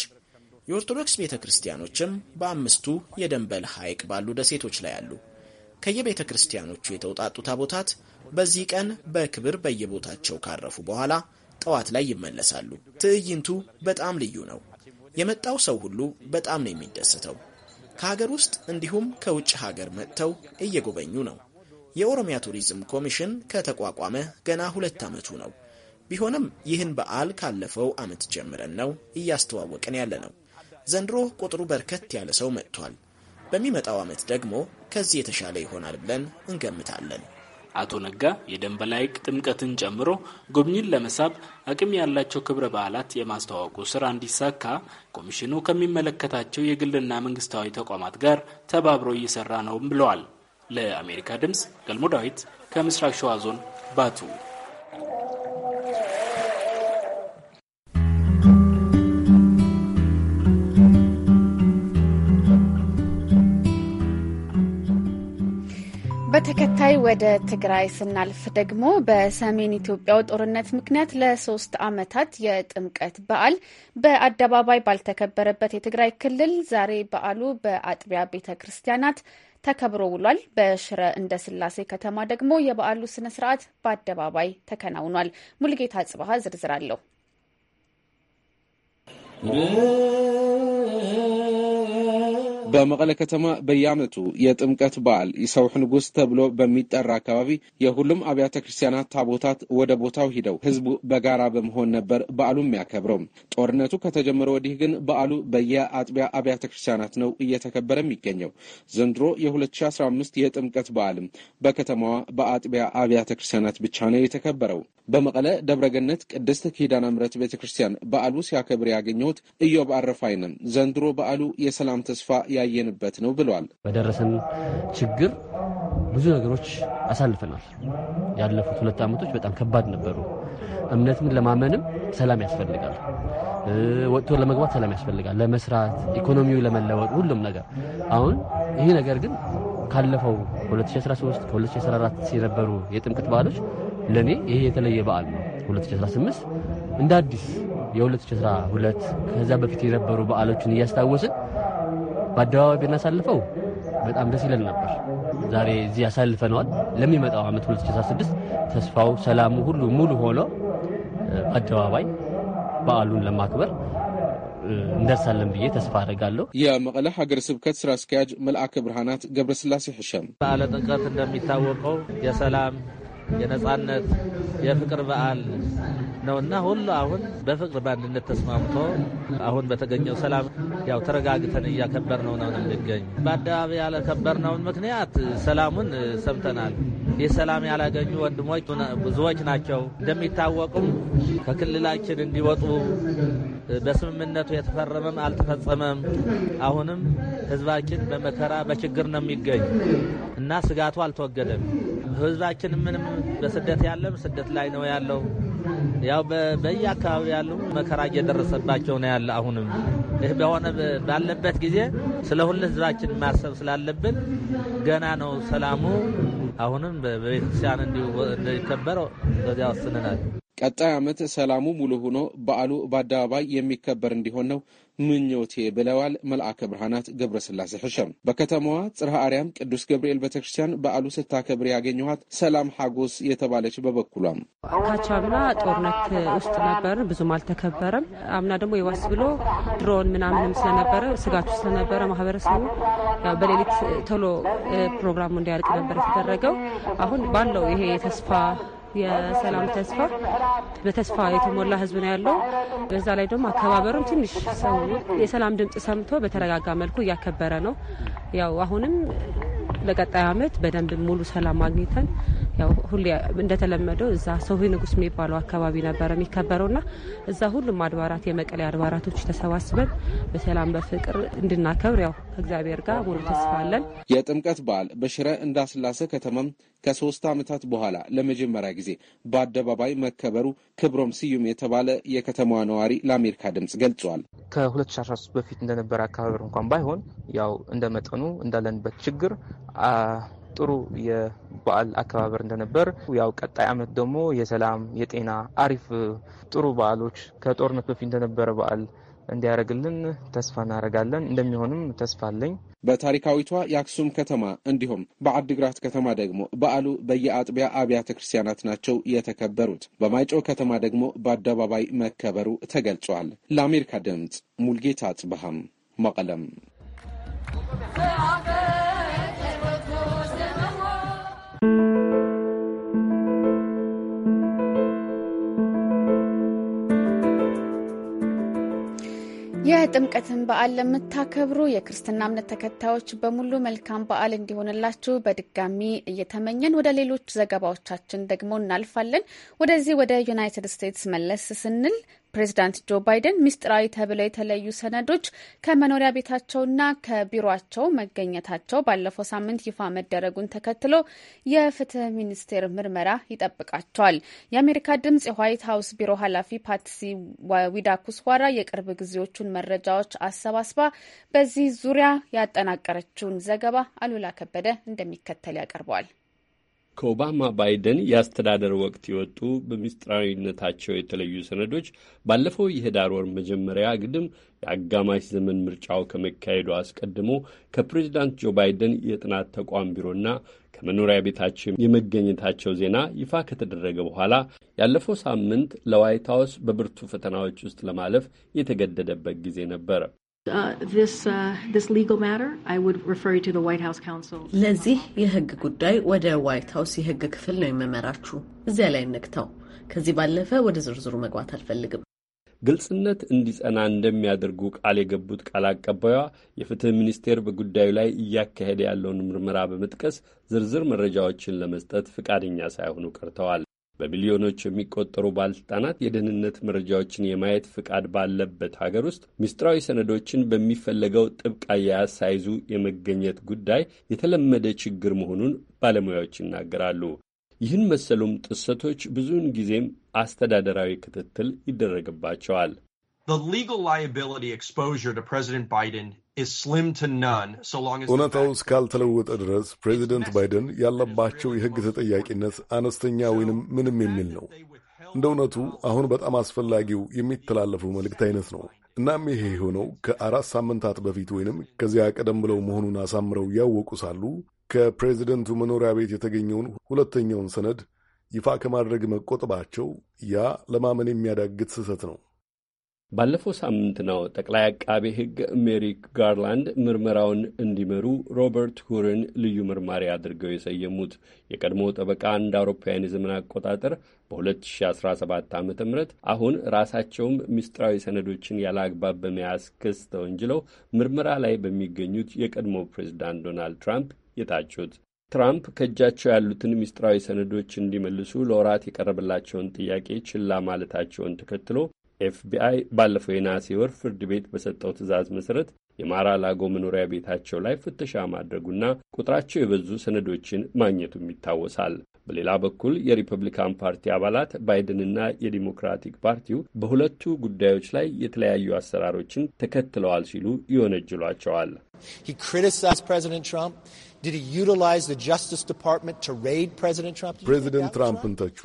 የኦርቶዶክስ ቤተ ክርስቲያኖችም በአምስቱ የደንበል ሐይቅ ባሉ ደሴቶች ላይ አሉ። ከየቤተ ክርስቲያኖቹ የተውጣጡ ታቦታት በዚህ ቀን በክብር በየቦታቸው ካረፉ በኋላ ጠዋት ላይ ይመለሳሉ። ትዕይንቱ በጣም ልዩ ነው። የመጣው ሰው ሁሉ በጣም ነው የሚደሰተው። ከሀገር ውስጥ እንዲሁም ከውጭ ሀገር መጥተው እየጎበኙ ነው። የኦሮሚያ ቱሪዝም ኮሚሽን ከተቋቋመ ገና ሁለት ዓመቱ ነው። ቢሆንም ይህን በዓል ካለፈው ዓመት ጀምረን ነው እያስተዋወቅን ያለ ነው። ዘንድሮ ቁጥሩ በርከት ያለ ሰው መጥቷል። በሚመጣው ዓመት ደግሞ ከዚህ የተሻለ ይሆናል ብለን እንገምታለን። አቶ ነጋ የደንበል ሐይቅ ጥምቀትን ጨምሮ ጎብኝን ለመሳብ አቅም ያላቸው ክብረ በዓላት የማስተዋወቁ ስራ እንዲሳካ ኮሚሽኑ ከሚመለከታቸው የግልና መንግስታዊ ተቋማት ጋር ተባብሮ እየሰራ ነውም ብለዋል። ለአሜሪካ ድምፅ ገልሞ ዳዊት ከምስራቅ ሸዋ ዞን ባቱ በተከታይ ወደ ትግራይ ስናልፍ ደግሞ በሰሜን ኢትዮጵያው ጦርነት ምክንያት ለሶስት ዓመታት የጥምቀት በዓል በአደባባይ ባልተከበረበት የትግራይ ክልል ዛሬ በዓሉ በአጥቢያ ቤተ ክርስቲያናት ተከብሮ ውሏል። በሽረ እንደ ስላሴ ከተማ ደግሞ የበዓሉ ስነ ስርዓት በአደባባይ ተከናውኗል። ሙልጌታ ጽባሀ ዝርዝር አለው። በመቀለ ከተማ በየዓመቱ የጥምቀት በዓል ይሰውሕ ንጉሥ ተብሎ በሚጠራ አካባቢ የሁሉም አብያተ ክርስቲያናት ታቦታት ወደ ቦታው ሂደው ህዝቡ በጋራ በመሆን ነበር በዓሉ የሚያከብረው። ጦርነቱ ከተጀመረ ወዲህ ግን በዓሉ በየአጥቢያ አብያተ ክርስቲያናት ነው እየተከበረ የሚገኘው። ዘንድሮ የ2015 የጥምቀት በዓልም በከተማዋ በአጥቢያ አብያተ ክርስቲያናት ብቻ ነው የተከበረው። በመቀለ ደብረገነት ቅድስት ኪዳነ ምሕረት ቤተ ክርስቲያን በዓሉ ሲያከብር ያገኘሁት ኢዮብ አረፋይንም ዘንድሮ በዓሉ የሰላም ተስፋ ያየንበት ነው ብሏል። በደረሰን ችግር ብዙ ነገሮች አሳልፈናል። ያለፉት ሁለት ዓመቶች በጣም ከባድ ነበሩ። እምነትን ለማመንም ሰላም ያስፈልጋል። ወጥቶ ለመግባት ሰላም ያስፈልጋል። ለመስራት፣ ኢኮኖሚው ለመለወጥ፣ ሁሉም ነገር አሁን ይህ ነገር ግን ካለፈው 2013 ከ2014 የነበሩ የጥምቀት በዓሎች ለእኔ ይሄ የተለየ በዓል ነው። 2018 እንደ አዲስ የ2012 ከዛ በፊት የነበሩ በዓሎችን እያስታወስን በአደባባይ ብናሳልፈው በጣም ደስ ይለን ነበር። ዛሬ እዚህ ያሳልፈነዋል። ለሚመጣው ዓመት 2016 ተስፋው፣ ሰላሙ ሁሉ ሙሉ ሆኖ በአደባባይ በዓሉን ለማክበር እንደርሳለን ብዬ ተስፋ አደርጋለሁ። የመቀለ ሀገረ ስብከት ስራ አስኪያጅ መልአከ ብርሃናት ገብረስላሴ ሕሸም በዓለ ጥምቀት እንደሚታወቀው የሰላም የነጻነት፣ የፍቅር በዓል ነውና ሁሉ አሁን በፍቅር በአንድነት ተስማምቶ አሁን በተገኘው ሰላም ያው ተረጋግተን እያከበር ነው ነው እንገኝ በአደባባይ ነውን ምክንያት ሰላሙን ሰምተናል። ይህ ሰላም ያላገኙ ወንድሞች ብዙዎች ናቸው። እንደሚታወቁም ከክልላችን እንዲወጡ በስምምነቱ የተፈረመም አልተፈጸመም። አሁንም ህዝባችን በመከራ በችግር ነው የሚገኝ እና ስጋቱ አልተወገደም። ህዝባችን ምንም በስደት ያለም ስደት ላይ ነው ያለው። ያው በየአካባቢ ያሉ መከራ እየደረሰባቸው ነው ያለ። አሁንም ይህ በሆነ ባለበት ጊዜ ስለ ሁሉ ህዝባችን ማሰብ ስላለብን ገና ነው ሰላሙ። አሁንም በቤተክርስቲያን እንዲከበረው በዚያ ወስንናል። ቀጣይ ዓመት ሰላሙ ሙሉ ሆኖ በዓሉ በአደባባይ የሚከበር እንዲሆን ነው ምኞቴ ብለዋል መልአከ ብርሃናት ገብረስላሴ ሕሸም። በከተማዋ ጽርሐ አርያም ቅዱስ ገብርኤል ቤተ ክርስቲያን በዓሉ ስታከብር ያገኘኋት ሰላም ሐጎስ የተባለች በበኩሏም ካቻምና ጦርነት ውስጥ ነበር፣ ብዙም አልተከበረም። አምና ደግሞ የዋስ ብሎ ድሮን ምናምንም ስለነበረ ስጋቱ ስለነበረ ማህበረሰቡ በሌሊት ቶሎ ፕሮግራሙ እንዲያልቅ ነበር የተደረገው። አሁን ባለው ይሄ የተስፋ የሰላም ተስፋ በተስፋ የተሞላ ህዝብ ነው ያለው። በዛ ላይ ደግሞ አከባበሩም ትንሽ ሰው የሰላም ድምጽ ሰምቶ በተረጋጋ መልኩ እያከበረ ነው። ያው አሁንም ለቀጣይ አመት በደንብ ሙሉ ሰላም ማግኘተን ያው ሁሌ እንደተለመደው እዛ ሰው ንጉስ የሚባለው አካባቢ ነበር የሚከበረው ና እዛ ሁሉም አድባራት የመቀሌ አድባራቶች ተሰባስበን በሰላም በፍቅር እንድናከብር ያው ከእግዚአብሔር ጋር ሙሉ ተስፋ አለን። የጥምቀት በዓል በሽረ እንዳስላሴ ከተማም ከሶስት ዓመታት በኋላ ለመጀመሪያ ጊዜ በአደባባይ መከበሩ ክብሮም ስዩም የተባለ የከተማዋ ነዋሪ ለአሜሪካ ድምፅ ገልጿል። ከ2013 በፊት እንደነበረ አካባቢ እንኳን ባይሆን ያው እንደ መጠኑ እንዳለንበት ችግር ጥሩ የበዓል አከባበር እንደነበር ያው ቀጣይ አመት ደግሞ የሰላም የጤና አሪፍ ጥሩ በዓሎች ከጦርነት በፊት እንደነበረ በዓል እንዲያደርግልን ተስፋ እናደርጋለን። እንደሚሆንም ተስፋ አለኝ። በታሪካዊቷ የአክሱም ከተማ እንዲሁም በአድግራት ከተማ ደግሞ በዓሉ በየአጥቢያ አብያተ ክርስቲያናት ናቸው የተከበሩት። በማይጨው ከተማ ደግሞ በአደባባይ መከበሩ ተገልጿል። ለአሜሪካ ድምፅ ሙልጌታ አጽበሃም መቀለም የጥምቀትን በዓል ለምታከብሩ የክርስትና እምነት ተከታዮች በሙሉ መልካም በዓል እንዲሆንላችሁ በድጋሚ እየተመኘን ወደ ሌሎች ዘገባዎቻችን ደግሞ እናልፋለን። ወደዚህ ወደ ዩናይትድ ስቴትስ መለስ ስንል ፕሬዚዳንት ጆ ባይደን ሚስጥራዊ ተብለው የተለዩ ሰነዶች ከመኖሪያ ቤታቸውና ከቢሮቸው መገኘታቸው ባለፈው ሳምንት ይፋ መደረጉን ተከትሎ የፍትህ ሚኒስቴር ምርመራ ይጠብቃቸዋል። የአሜሪካ ድምጽ የዋይት ሀውስ ቢሮ ኃላፊ ፓትሲ ዊዳኩስዋራ የቅርብ ጊዜዎቹን መረጃዎች አሰባስባ በዚህ ዙሪያ ያጠናቀረችውን ዘገባ አሉላ ከበደ እንደሚከተል ያቀርበዋል። ከኦባማ ባይደን የአስተዳደር ወቅት የወጡ በምስጢራዊነታቸው የተለዩ ሰነዶች ባለፈው የህዳር ወር መጀመሪያ ግድም የአጋማሽ ዘመን ምርጫው ከመካሄዱ አስቀድሞ ከፕሬዚዳንት ጆ ባይደን የጥናት ተቋም ቢሮና ከመኖሪያ ቤታቸው የመገኘታቸው ዜና ይፋ ከተደረገ በኋላ ያለፈው ሳምንት ለዋይት ሀውስ በብርቱ ፈተናዎች ውስጥ ለማለፍ የተገደደበት ጊዜ ነበር። Uh, uh, ለዚህ የህግ ጉዳይ ወደ ዋይት ሀውስ የህግ ክፍል ነው የምመራችሁ። እዚያ ላይ እንግታው። ከዚህ ባለፈ ወደ ዝርዝሩ መግባት አልፈልግም። ግልጽነት እንዲጸና እንደሚያደርጉ ቃል የገቡት ቃል አቀባዩ የፍትህ ሚኒስቴር በጉዳዩ ላይ እያካሄደ ያለውን ምርመራ በመጥቀስ ዝርዝር መረጃዎችን ለመስጠት ፈቃደኛ ሳይሆኑ ቀርተዋል። በሚሊዮኖች የሚቆጠሩ ባለስልጣናት የደህንነት መረጃዎችን የማየት ፍቃድ ባለበት ሀገር ውስጥ ምስጢራዊ ሰነዶችን በሚፈለገው ጥብቅ አያያዝ ሳይዙ የመገኘት ጉዳይ የተለመደ ችግር መሆኑን ባለሙያዎች ይናገራሉ። ይህን መሰሉም ጥሰቶች ብዙውን ጊዜም አስተዳደራዊ ክትትል ይደረግባቸዋል። The legal liability exposure to President Biden እውነታው እስካልተለወጠ ድረስ ፕሬዚደንት ባይደን ያለባቸው የሕግ ተጠያቂነት አነስተኛ ወይንም ምንም የሚል ነው። እንደ እውነቱ አሁን በጣም አስፈላጊው የሚተላለፈው መልእክት አይነት ነው። እናም ይሄ የሆነው ከአራት ሳምንታት በፊት ወይንም ከዚያ ቀደም ብለው መሆኑን አሳምረው ያወቁ ሳሉ ከፕሬዚደንቱ መኖሪያ ቤት የተገኘውን ሁለተኛውን ሰነድ ይፋ ከማድረግ መቆጠባቸው ያ ለማመን የሚያዳግት ስህተት ነው። ባለፈው ሳምንት ነው ጠቅላይ አቃቤ ሕግ ሜሪክ ጋርላንድ ምርመራውን እንዲመሩ ሮበርት ሁርን ልዩ ምርማሪ አድርገው የሰየሙት። የቀድሞ ጠበቃ እንደ አውሮፓውያን የዘመን አቆጣጠር በ2017 ዓ ም አሁን ራሳቸውም ምስጢራዊ ሰነዶችን ያለ አግባብ በመያዝ ክስ ተወንጅለው ምርመራ ላይ በሚገኙት የቀድሞ ፕሬዚዳንት ዶናልድ ትራምፕ የታጩት ትራምፕ ከእጃቸው ያሉትን ምስጢራዊ ሰነዶች እንዲመልሱ ለወራት የቀረበላቸውን ጥያቄ ችላ ማለታቸውን ተከትሎ ኤፍቢአይ ባለፈው የነሐሴ ወር ፍርድ ቤት በሰጠው ትዕዛዝ መሠረት የማራላጎ መኖሪያ ቤታቸው ላይ ፍተሻ ማድረጉና ቁጥራቸው የበዙ ሰነዶችን ማግኘቱም ይታወሳል። በሌላ በኩል የሪፐብሊካን ፓርቲ አባላት ባይደንና የዲሞክራቲክ ፓርቲው በሁለቱ ጉዳዮች ላይ የተለያዩ አሰራሮችን ተከትለዋል ሲሉ ይወነጅሏቸዋል። ፕሬዚደንት ትራምፕን ተቹ።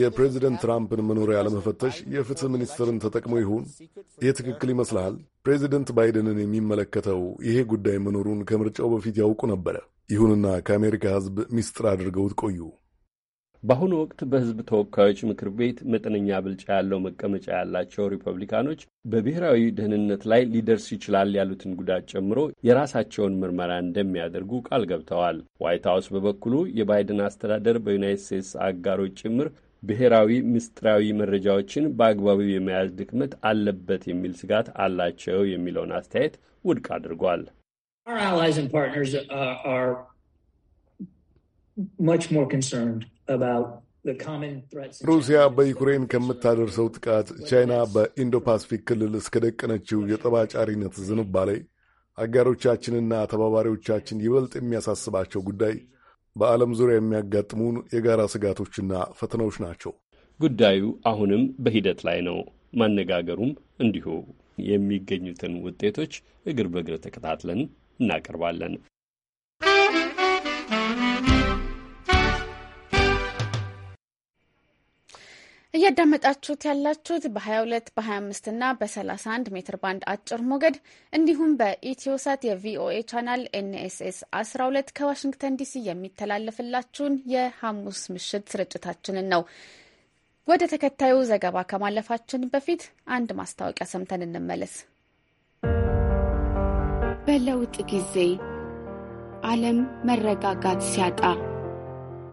የፕሬዚደንት ትራምፕን መኖሪያ ለመፈተሽ የፍትህ ሚኒስትርን ተጠቅሞ ይሆን? ይህ ትክክል ይመስልሃል? ፕሬዚደንት ባይደንን የሚመለከተው ይሄ ጉዳይ መኖሩን ከምርጫው በፊት ያውቁ ነበረ። ይሁንና ከአሜሪካ ሕዝብ ሚስጥር አድርገውት ቆዩ። በአሁኑ ወቅት በሕዝብ ተወካዮች ምክር ቤት መጠነኛ ብልጫ ያለው መቀመጫ ያላቸው ሪፐብሊካኖች በብሔራዊ ደህንነት ላይ ሊደርስ ይችላል ያሉትን ጉዳት ጨምሮ የራሳቸውን ምርመራ እንደሚያደርጉ ቃል ገብተዋል። ዋይት ሀውስ በበኩሉ የባይደን አስተዳደር በዩናይት ስቴትስ አጋሮች ጭምር ብሔራዊ ምስጢራዊ መረጃዎችን በአግባቡ የመያዝ ድክመት አለበት የሚል ስጋት አላቸው የሚለውን አስተያየት ውድቅ አድርጓል። uh, much more concerned ሩሲያ በዩክሬን ከምታደርሰው ጥቃት ቻይና በኢንዶ ፓስፊክ ክልል እስከደቀነችው የጠባጫሪነት ዝንባሌ አጋሮቻችንና ተባባሪዎቻችን ይበልጥ የሚያሳስባቸው ጉዳይ በዓለም ዙሪያ የሚያጋጥሙን የጋራ ስጋቶችና ፈተናዎች ናቸው። ጉዳዩ አሁንም በሂደት ላይ ነው። ማነጋገሩም እንዲሁ የሚገኙትን ውጤቶች እግር በእግር ተከታትለን እናቀርባለን። እያዳመጣችሁት ያላችሁት በ22 በ25 እና በ31 ሜትር ባንድ አጭር ሞገድ እንዲሁም በኢትዮሳት የቪኦኤ ቻናል ኤንኤስኤስ 12 ከዋሽንግተን ዲሲ የሚተላለፍላችሁን የሐሙስ ምሽት ስርጭታችንን ነው። ወደ ተከታዩ ዘገባ ከማለፋችን በፊት አንድ ማስታወቂያ ሰምተን እንመለስ። በለውጥ ጊዜ ዓለም መረጋጋት ሲያጣ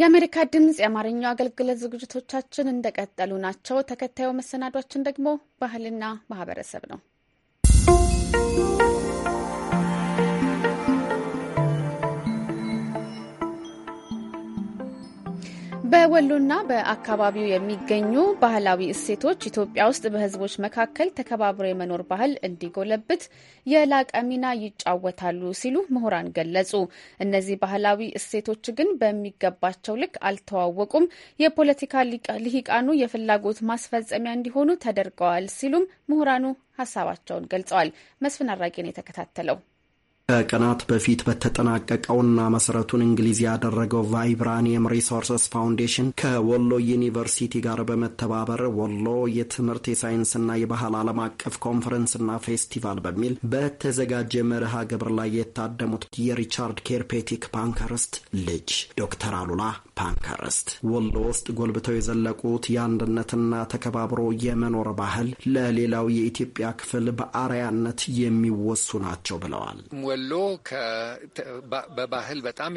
የአሜሪካ ድምፅ የአማርኛው አገልግሎት ዝግጅቶቻችን እንደቀጠሉ ናቸው። ተከታዩ መሰናዷችን ደግሞ ባህልና ማህበረሰብ ነው። በወሎና በአካባቢው የሚገኙ ባህላዊ እሴቶች ኢትዮጵያ ውስጥ በሕዝቦች መካከል ተከባብሮ የመኖር ባህል እንዲጎለብት የላቀ ሚና ይጫወታሉ ሲሉ ምሁራን ገለጹ። እነዚህ ባህላዊ እሴቶች ግን በሚገባቸው ልክ አልተዋወቁም፣ የፖለቲካ ልሂቃኑ የፍላጎት ማስፈጸሚያ እንዲሆኑ ተደርገዋል ሲሉም ምሁራኑ ሀሳባቸውን ገልጸዋል። መስፍን አራጌን የተከታተለው ከቀናት በፊት በተጠናቀቀውና መሰረቱን እንግሊዝ ያደረገው ቫይብራኒየም ሪሶርስስ ፋውንዴሽን ከወሎ ዩኒቨርሲቲ ጋር በመተባበር ወሎ የትምህርት የሳይንስና የባህል ዓለም አቀፍ ኮንፈረንስና ፌስቲቫል በሚል በተዘጋጀ መርሃ ግብር ላይ የታደሙት የሪቻርድ ኬርፔቲክ ፓንከርስት ልጅ ዶክተር አሉላ ፓንከርስት ወሎ ውስጥ ጎልብተው የዘለቁት የአንድነትና ተከባብሮ የመኖር ባህል ለሌላው የኢትዮጵያ ክፍል በአርያነት የሚወሱ ናቸው ብለዋል። ወሎ በባህል በጣም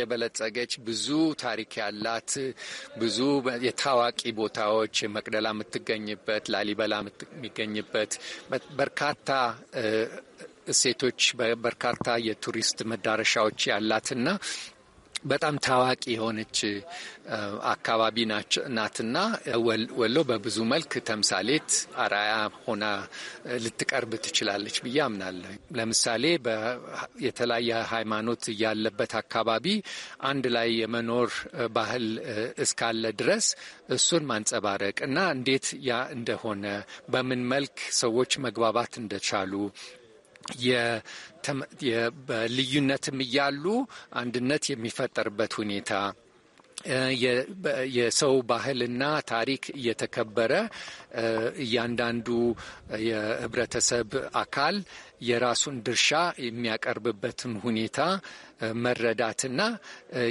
የበለጸገች ብዙ ታሪክ ያላት ብዙ የታዋቂ ቦታዎች መቅደላ የምትገኝበት፣ ላሊበላ የሚገኝበት በርካታ እሴቶች በርካታ የቱሪስት መዳረሻዎች ያላትና በጣም ታዋቂ የሆነች አካባቢ ናትና ወሎ በብዙ መልክ ተምሳሌት አራያ ሆና ልትቀርብ ትችላለች ብዬ አምናለሁ። ለምሳሌ የተለያየ ሃይማኖት ያለበት አካባቢ አንድ ላይ የመኖር ባህል እስካለ ድረስ እሱን ማንጸባረቅ እና እንዴት ያ እንደሆነ በምን መልክ ሰዎች መግባባት እንደቻሉ በልዩነትም እያሉ አንድነት የሚፈጠርበት ሁኔታ የሰው ባህልና ታሪክ እየተከበረ እያንዳንዱ የህብረተሰብ አካል የራሱን ድርሻ የሚያቀርብበትን ሁኔታ መረዳትና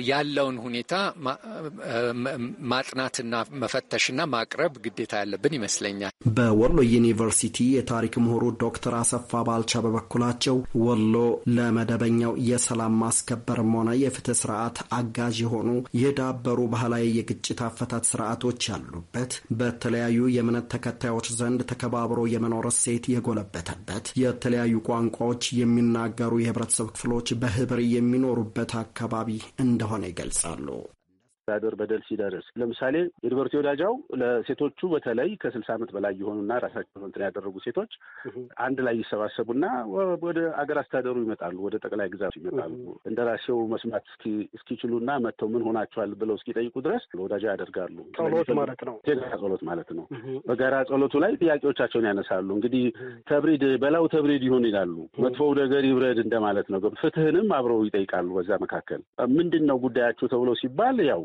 ያለውን ሁኔታ ማጥናትና መፈተሽና ማቅረብ ግዴታ ያለብን ይመስለኛል። በወሎ ዩኒቨርሲቲ የታሪክ ምሁሩ ዶክተር አሰፋ ባልቻ በበኩላቸው ወሎ ለመደበኛው የሰላም ማስከበርም ሆነ የፍትህ ስርዓት አጋዥ የሆኑ የዳበሩ ባህላዊ የግጭት አፈታት ስርዓቶች ያሉበት በተለያዩ የእምነት ተከታዮች ዘንድ ተከባብሮ የመኖር እሴት የጎለበተበት የተለያዩ ቋንቋዎች የሚናገሩ የህብረተሰብ ክፍሎች በህብር የሚ የሚኖሩበት አካባቢ እንደሆነ ይገልጻሉ። አስተዳደር በደል ሲደርስ ለምሳሌ ዩኒቨርሲቲ ወዳጃው ለሴቶቹ በተለይ ከስልሳ ዓመት በላይ የሆኑና ራሳቸውን እንትን ያደረጉ ሴቶች አንድ ላይ ይሰባሰቡና ወደ አገር አስተዳደሩ ይመጣሉ፣ ወደ ጠቅላይ ግዛቱ ይመጣሉ። እንደራሴው መስማት እስኪችሉና መጥተው ምን ሆናቸዋል ብለው እስኪጠይቁ ድረስ ለወዳጃ ያደርጋሉ። ጸሎት ማለት ነው፣ የጋራ ጸሎት ማለት ነው። በጋራ ጸሎቱ ላይ ጥያቄዎቻቸውን ያነሳሉ። እንግዲህ ተብሪድ በላው ተብሪድ ይሆን ይላሉ። መጥፎው ነገር ይብረድ እንደማለት ነው። ፍትህንም አብረው ይጠይቃሉ። በዛ መካከል ምንድን ነው ጉዳያችሁ ተብሎ ሲባል ያው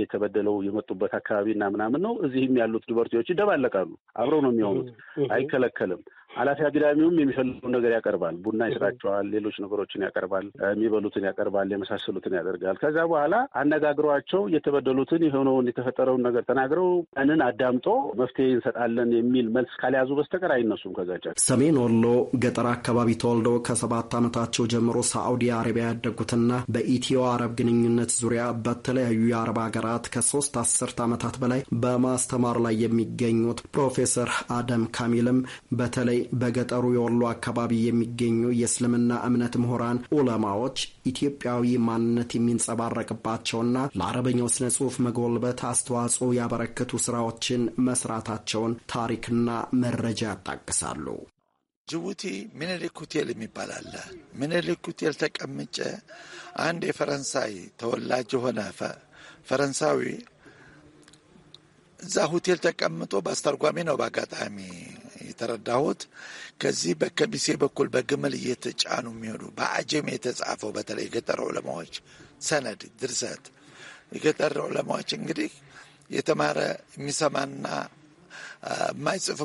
የተበደለው የመጡበት አካባቢ እና ምናምን ነው። እዚህም ያሉት ዲቨርቲዎች ይደባለቃሉ፣ አብረው ነው የሚሆኑት፣ አይከለከልም። ኃላፊ አግዳሚውም የሚፈልገውን ነገር ያቀርባል። ቡና ይስራቸዋል፣ ሌሎች ነገሮችን ያቀርባል፣ የሚበሉትን ያቀርባል፣ የመሳሰሉትን ያደርጋል። ከዛ በኋላ አነጋግሯቸው የተበደሉትን የሆነውን የተፈጠረውን ነገር ተናግረው ቀንን አዳምጦ መፍትሄ እንሰጣለን የሚል መልስ ካልያዙ በስተቀር አይነሱም። ከዛ ሰሜን ወሎ ገጠር አካባቢ ተወልደው ከሰባት ዓመታቸው ጀምሮ ሳዑዲ አረቢያ ያደጉትና በኢትዮ አረብ ግንኙነት ዙሪያ በተለያዩ የአረብ ሀገራት ከሶስት አስርት ዓመታት በላይ በማስተማር ላይ የሚገኙት ፕሮፌሰር አደም ካሚልም በተለይ በገጠሩ የወሎ አካባቢ የሚገኙ የእስልምና እምነት ምሁራን ዑለማዎች ኢትዮጵያዊ ማንነት የሚንጸባረቅባቸውና ለአረበኛው ስነ ጽሁፍ መጎልበት አስተዋጽኦ ያበረከቱ ስራዎችን መስራታቸውን ታሪክና መረጃ ያጣቅሳሉ። ጅቡቲ ምኒልክ ሆቴል የሚባል አለ። ምኒልክ ሆቴል ተቀምጬ አንድ የፈረንሳይ ተወላጅ የሆነ ፈረንሳዊ እዛ ሆቴል ተቀምጦ በአስተርጓሚ ነው በአጋጣሚ የተረዳሁት ከዚህ በከሚሴ በኩል በግመል እየተጫኑ የሚሄዱ በአጀም የተጻፈው በተለይ የገጠር ዑለማዎች ሰነድ ድርሰት የገጠር ዑለማዎች እንግዲህ የተማረ የሚሰማና የማይጽፍ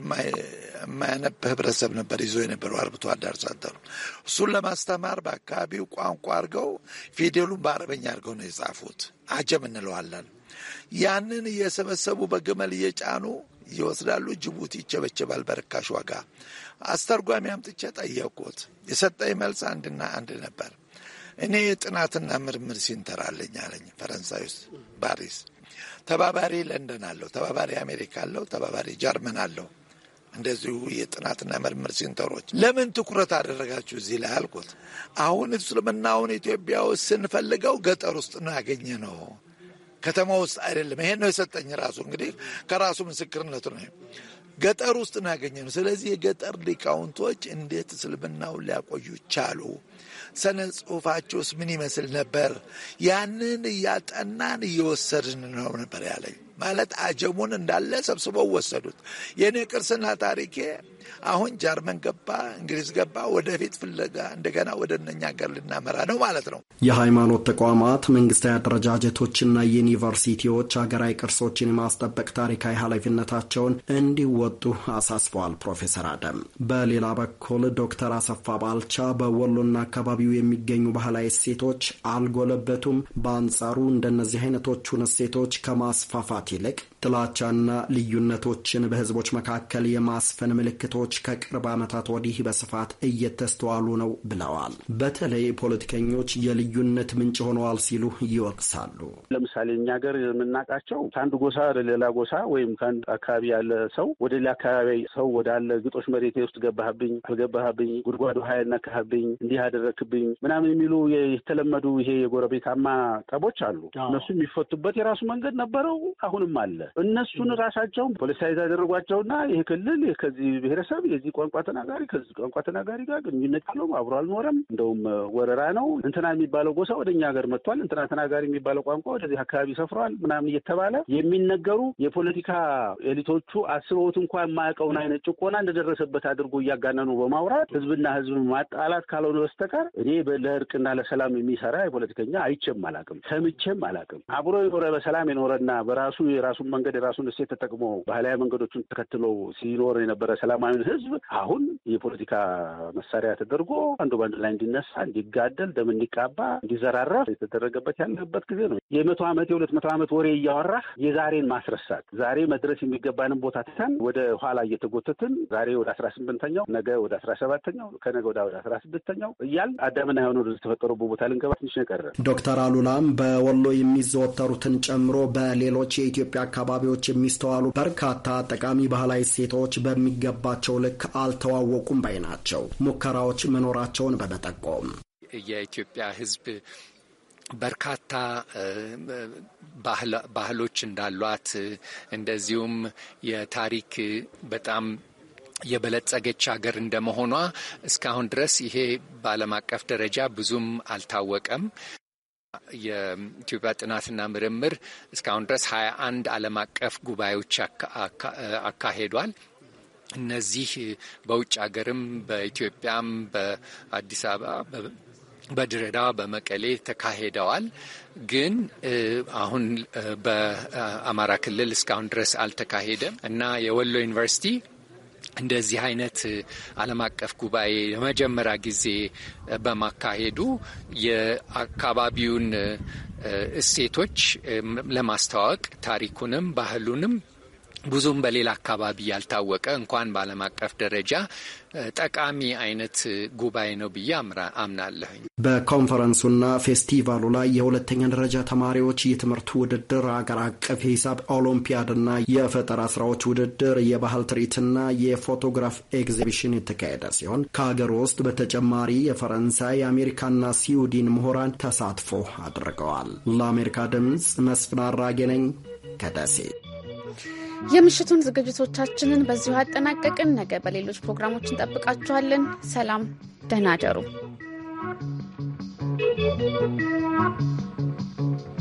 የማያነብ ህብረተሰብ ነበር ይዞ የነበረው አርብቶ አዳር ሳንተሩ። እሱን ለማስተማር በአካባቢው ቋንቋ አድርገው ፊደሉን በአረበኛ አድርገው ነው የጻፉት። አጀም እንለዋለን። ያንን እየሰበሰቡ በግመል እየጫኑ ይወስዳሉ። ጅቡቲ ይቸበቸባል በርካሽ ዋጋ። አስተርጓሚ አምጥቼ ጠየቅኩት። የሰጠኝ መልስ አንድና አንድ ነበር። እኔ የጥናትና ምርምር ሲንተር አለኝ አለኝ። ፈረንሳይ ውስጥ ባሪስ ተባባሪ ለንደን አለው፣ ተባባሪ አሜሪካ አለው፣ ተባባሪ ጀርመን አለው። እንደዚሁ የጥናትና ምርምር ሴንተሮች ለምን ትኩረት አደረጋችሁ እዚህ ላይ አልኩት። አሁን እስልምናውን ኢትዮጵያ ውስጥ ስንፈልገው ገጠር ውስጥ ነው ያገኘ ነው። ከተማ ውስጥ አይደለም። ይሄን ነው የሰጠኝ ራሱ እንግዲህ ከራሱ ምስክርነቱ ነው። ገጠር ውስጥ ነው ያገኘነው። ስለዚህ የገጠር ሊቃውንቶች እንዴት እስልምናውን ሊያቆዩ ቻሉ? ሰነ ጽሁፋቸውስ ምን ይመስል ነበር? ያንን እያጠናን እየወሰድን ነው ነበር ያለኝ። ማለት አጀቡን እንዳለ ሰብስበው ወሰዱት። የእኔ ቅርስና ታሪኬ አሁን ጀርመን ገባ፣ እንግሊዝ ገባ። ወደፊት ፍለጋ እንደገና ወደ እነኛ ሀገር ልናመራ ነው ማለት ነው። የሃይማኖት ተቋማት፣ መንግስታዊ አደረጃጀቶችና ዩኒቨርሲቲዎች ሀገራዊ ቅርሶችን የማስጠበቅ ታሪካዊ ኃላፊነታቸውን እንዲወጡ አሳስበዋል ፕሮፌሰር አደም። በሌላ በኩል ዶክተር አሰፋ ባልቻ በወሎና አካባቢው የሚገኙ ባህላዊ እሴቶች አልጎለበቱም፣ በአንጻሩ እንደነዚህ አይነቶቹን እሴቶች ከማስፋፋት ከመግባባት ይልቅ ጥላቻና ልዩነቶችን በህዝቦች መካከል የማስፈን ምልክቶች ከቅርብ ዓመታት ወዲህ በስፋት እየተስተዋሉ ነው ብለዋል። በተለይ ፖለቲከኞች የልዩነት ምንጭ ሆነዋል ሲሉ ይወቅሳሉ። ለምሳሌ እኛ ሀገር የምናውቃቸው ከአንድ ጎሳ ለሌላ ጎሳ ወይም ከአንድ አካባቢ ያለ ሰው ወደ ሌላ አካባቢ ሰው ወዳለ ግጦሽ መሬቴ ውስጥ ገባህብኝ፣ አልገባህብኝ፣ ጉድጓዱ ሀይ ያነካህብኝ፣ እንዲህ አደረክብኝ ምናምን የሚሉ የተለመዱ ይሄ የጎረቤታማ ጠቦች አሉ። እነሱ የሚፈቱበት የራሱ መንገድ ነበረው አሁን አሁንም አለ። እነሱን ራሳቸውን ፖለቲሳይዝ ያደረጓቸውና ይህ ክልል ከዚህ ብሔረሰብ የዚህ ቋንቋ ተናጋሪ ከዚህ ቋንቋ ተናጋሪ ጋር ግንኙነት የለውም፣ አብሮ አልኖረም፣ እንደውም ወረራ ነው፣ እንትና የሚባለው ጎሳ ወደ እኛ ሀገር መጥቷል፣ እንትና ተናጋሪ የሚባለው ቋንቋ ወደዚህ አካባቢ ሰፍሯል፣ ምናምን እየተባለ የሚነገሩ የፖለቲካ ኤሊቶቹ አስበውት እንኳን የማያውቀውን አይነት ጭቆና እንደደረሰበት አድርጎ እያጋነኑ በማውራት ህዝብና ህዝብ ማጣላት ካልሆነ በስተቀር እኔ ለእርቅና ለሰላም የሚሰራ የፖለቲከኛ አይቼም አላቅም፣ ሰምቼም አላቅም። አብሮ የኖረ በሰላም የኖረና በራሱ የራሱን መንገድ የራሱን እሴት ተጠቅሞ ባህላዊ መንገዶችን ተከትሎ ሲኖር የነበረ ሰላማዊን ህዝብ አሁን የፖለቲካ መሳሪያ ተደርጎ አንዱ በአንድ ላይ እንዲነሳ፣ እንዲጋደል፣ ደም እንዲቃባ፣ እንዲዘራረፍ የተደረገበት ያለበት ጊዜ ነው። የመቶ ዓመት የሁለት መቶ ዓመት ወሬ እያወራህ የዛሬን ማስረሳት ዛሬ መድረስ የሚገባንን ቦታ ትተን ወደ ኋላ እየተጎተትን ዛሬ ወደ አስራ ስምንተኛው ነገ ወደ አስራ ሰባተኛው ከነገ ወደ አስራ ስድስተኛው እያል አዳምና የሆነ ወደ ተፈጠሩበት ቦታ ልንገባ ትንሽ ነው የቀረ ዶክተር አሉላም በወሎ የሚዘወተሩትን ጨምሮ በሌሎች የኢትዮጵያ አካባቢዎች የሚስተዋሉ በርካታ ጠቃሚ ባህላዊ እሴቶች በሚገባቸው ልክ አልተዋወቁም ባይ ናቸው። ሙከራዎች መኖራቸውን በመጠቆም የኢትዮጵያ ሕዝብ በርካታ ባህሎች እንዳሏት እንደዚሁም የታሪክ በጣም የበለጸገች ሀገር እንደመሆኗ እስካሁን ድረስ ይሄ በዓለም አቀፍ ደረጃ ብዙም አልታወቀም። የኢትዮጵያ ጥናትና ምርምር እስካሁን ድረስ ሀያ አንድ ዓለም አቀፍ ጉባኤዎች አካሄዷል። እነዚህ በውጭ ሀገርም በኢትዮጵያም በአዲስ አበባ በድረዳ በመቀሌ ተካሄደዋል። ግን አሁን በአማራ ክልል እስካሁን ድረስ አልተካሄደም እና የወሎ ዩኒቨርሲቲ እንደዚህ አይነት ዓለም አቀፍ ጉባኤ የመጀመሪያ ጊዜ በማካሄዱ የአካባቢውን እሴቶች ለማስተዋወቅ ታሪኩንም ባህሉንም ብዙም በሌላ አካባቢ ያልታወቀ እንኳን በዓለም አቀፍ ደረጃ ጠቃሚ አይነት ጉባኤ ነው ብዬ አምናለሁኝ። በኮንፈረንሱና ፌስቲቫሉ ላይ የሁለተኛ ደረጃ ተማሪዎች የትምህርት ውድድር፣ አገር አቀፍ የሂሳብ ኦሎምፒያድና የፈጠራ ስራዎች ውድድር፣ የባህል ትርኢትና የፎቶግራፍ ኤግዚቢሽን የተካሄደ ሲሆን ከሀገር ውስጥ በተጨማሪ የፈረንሳይ የአሜሪካና ስዊድን ምሁራን ተሳትፎ አድርገዋል። ለአሜሪካ ድምፅ መስፍን አራጌ ነኝ ከደሴ የምሽቱን ዝግጅቶቻችንን በዚሁ አጠናቀቅን። ነገ በሌሎች ፕሮግራሞች እንጠብቃችኋለን። ሰላም፣ ደህና you.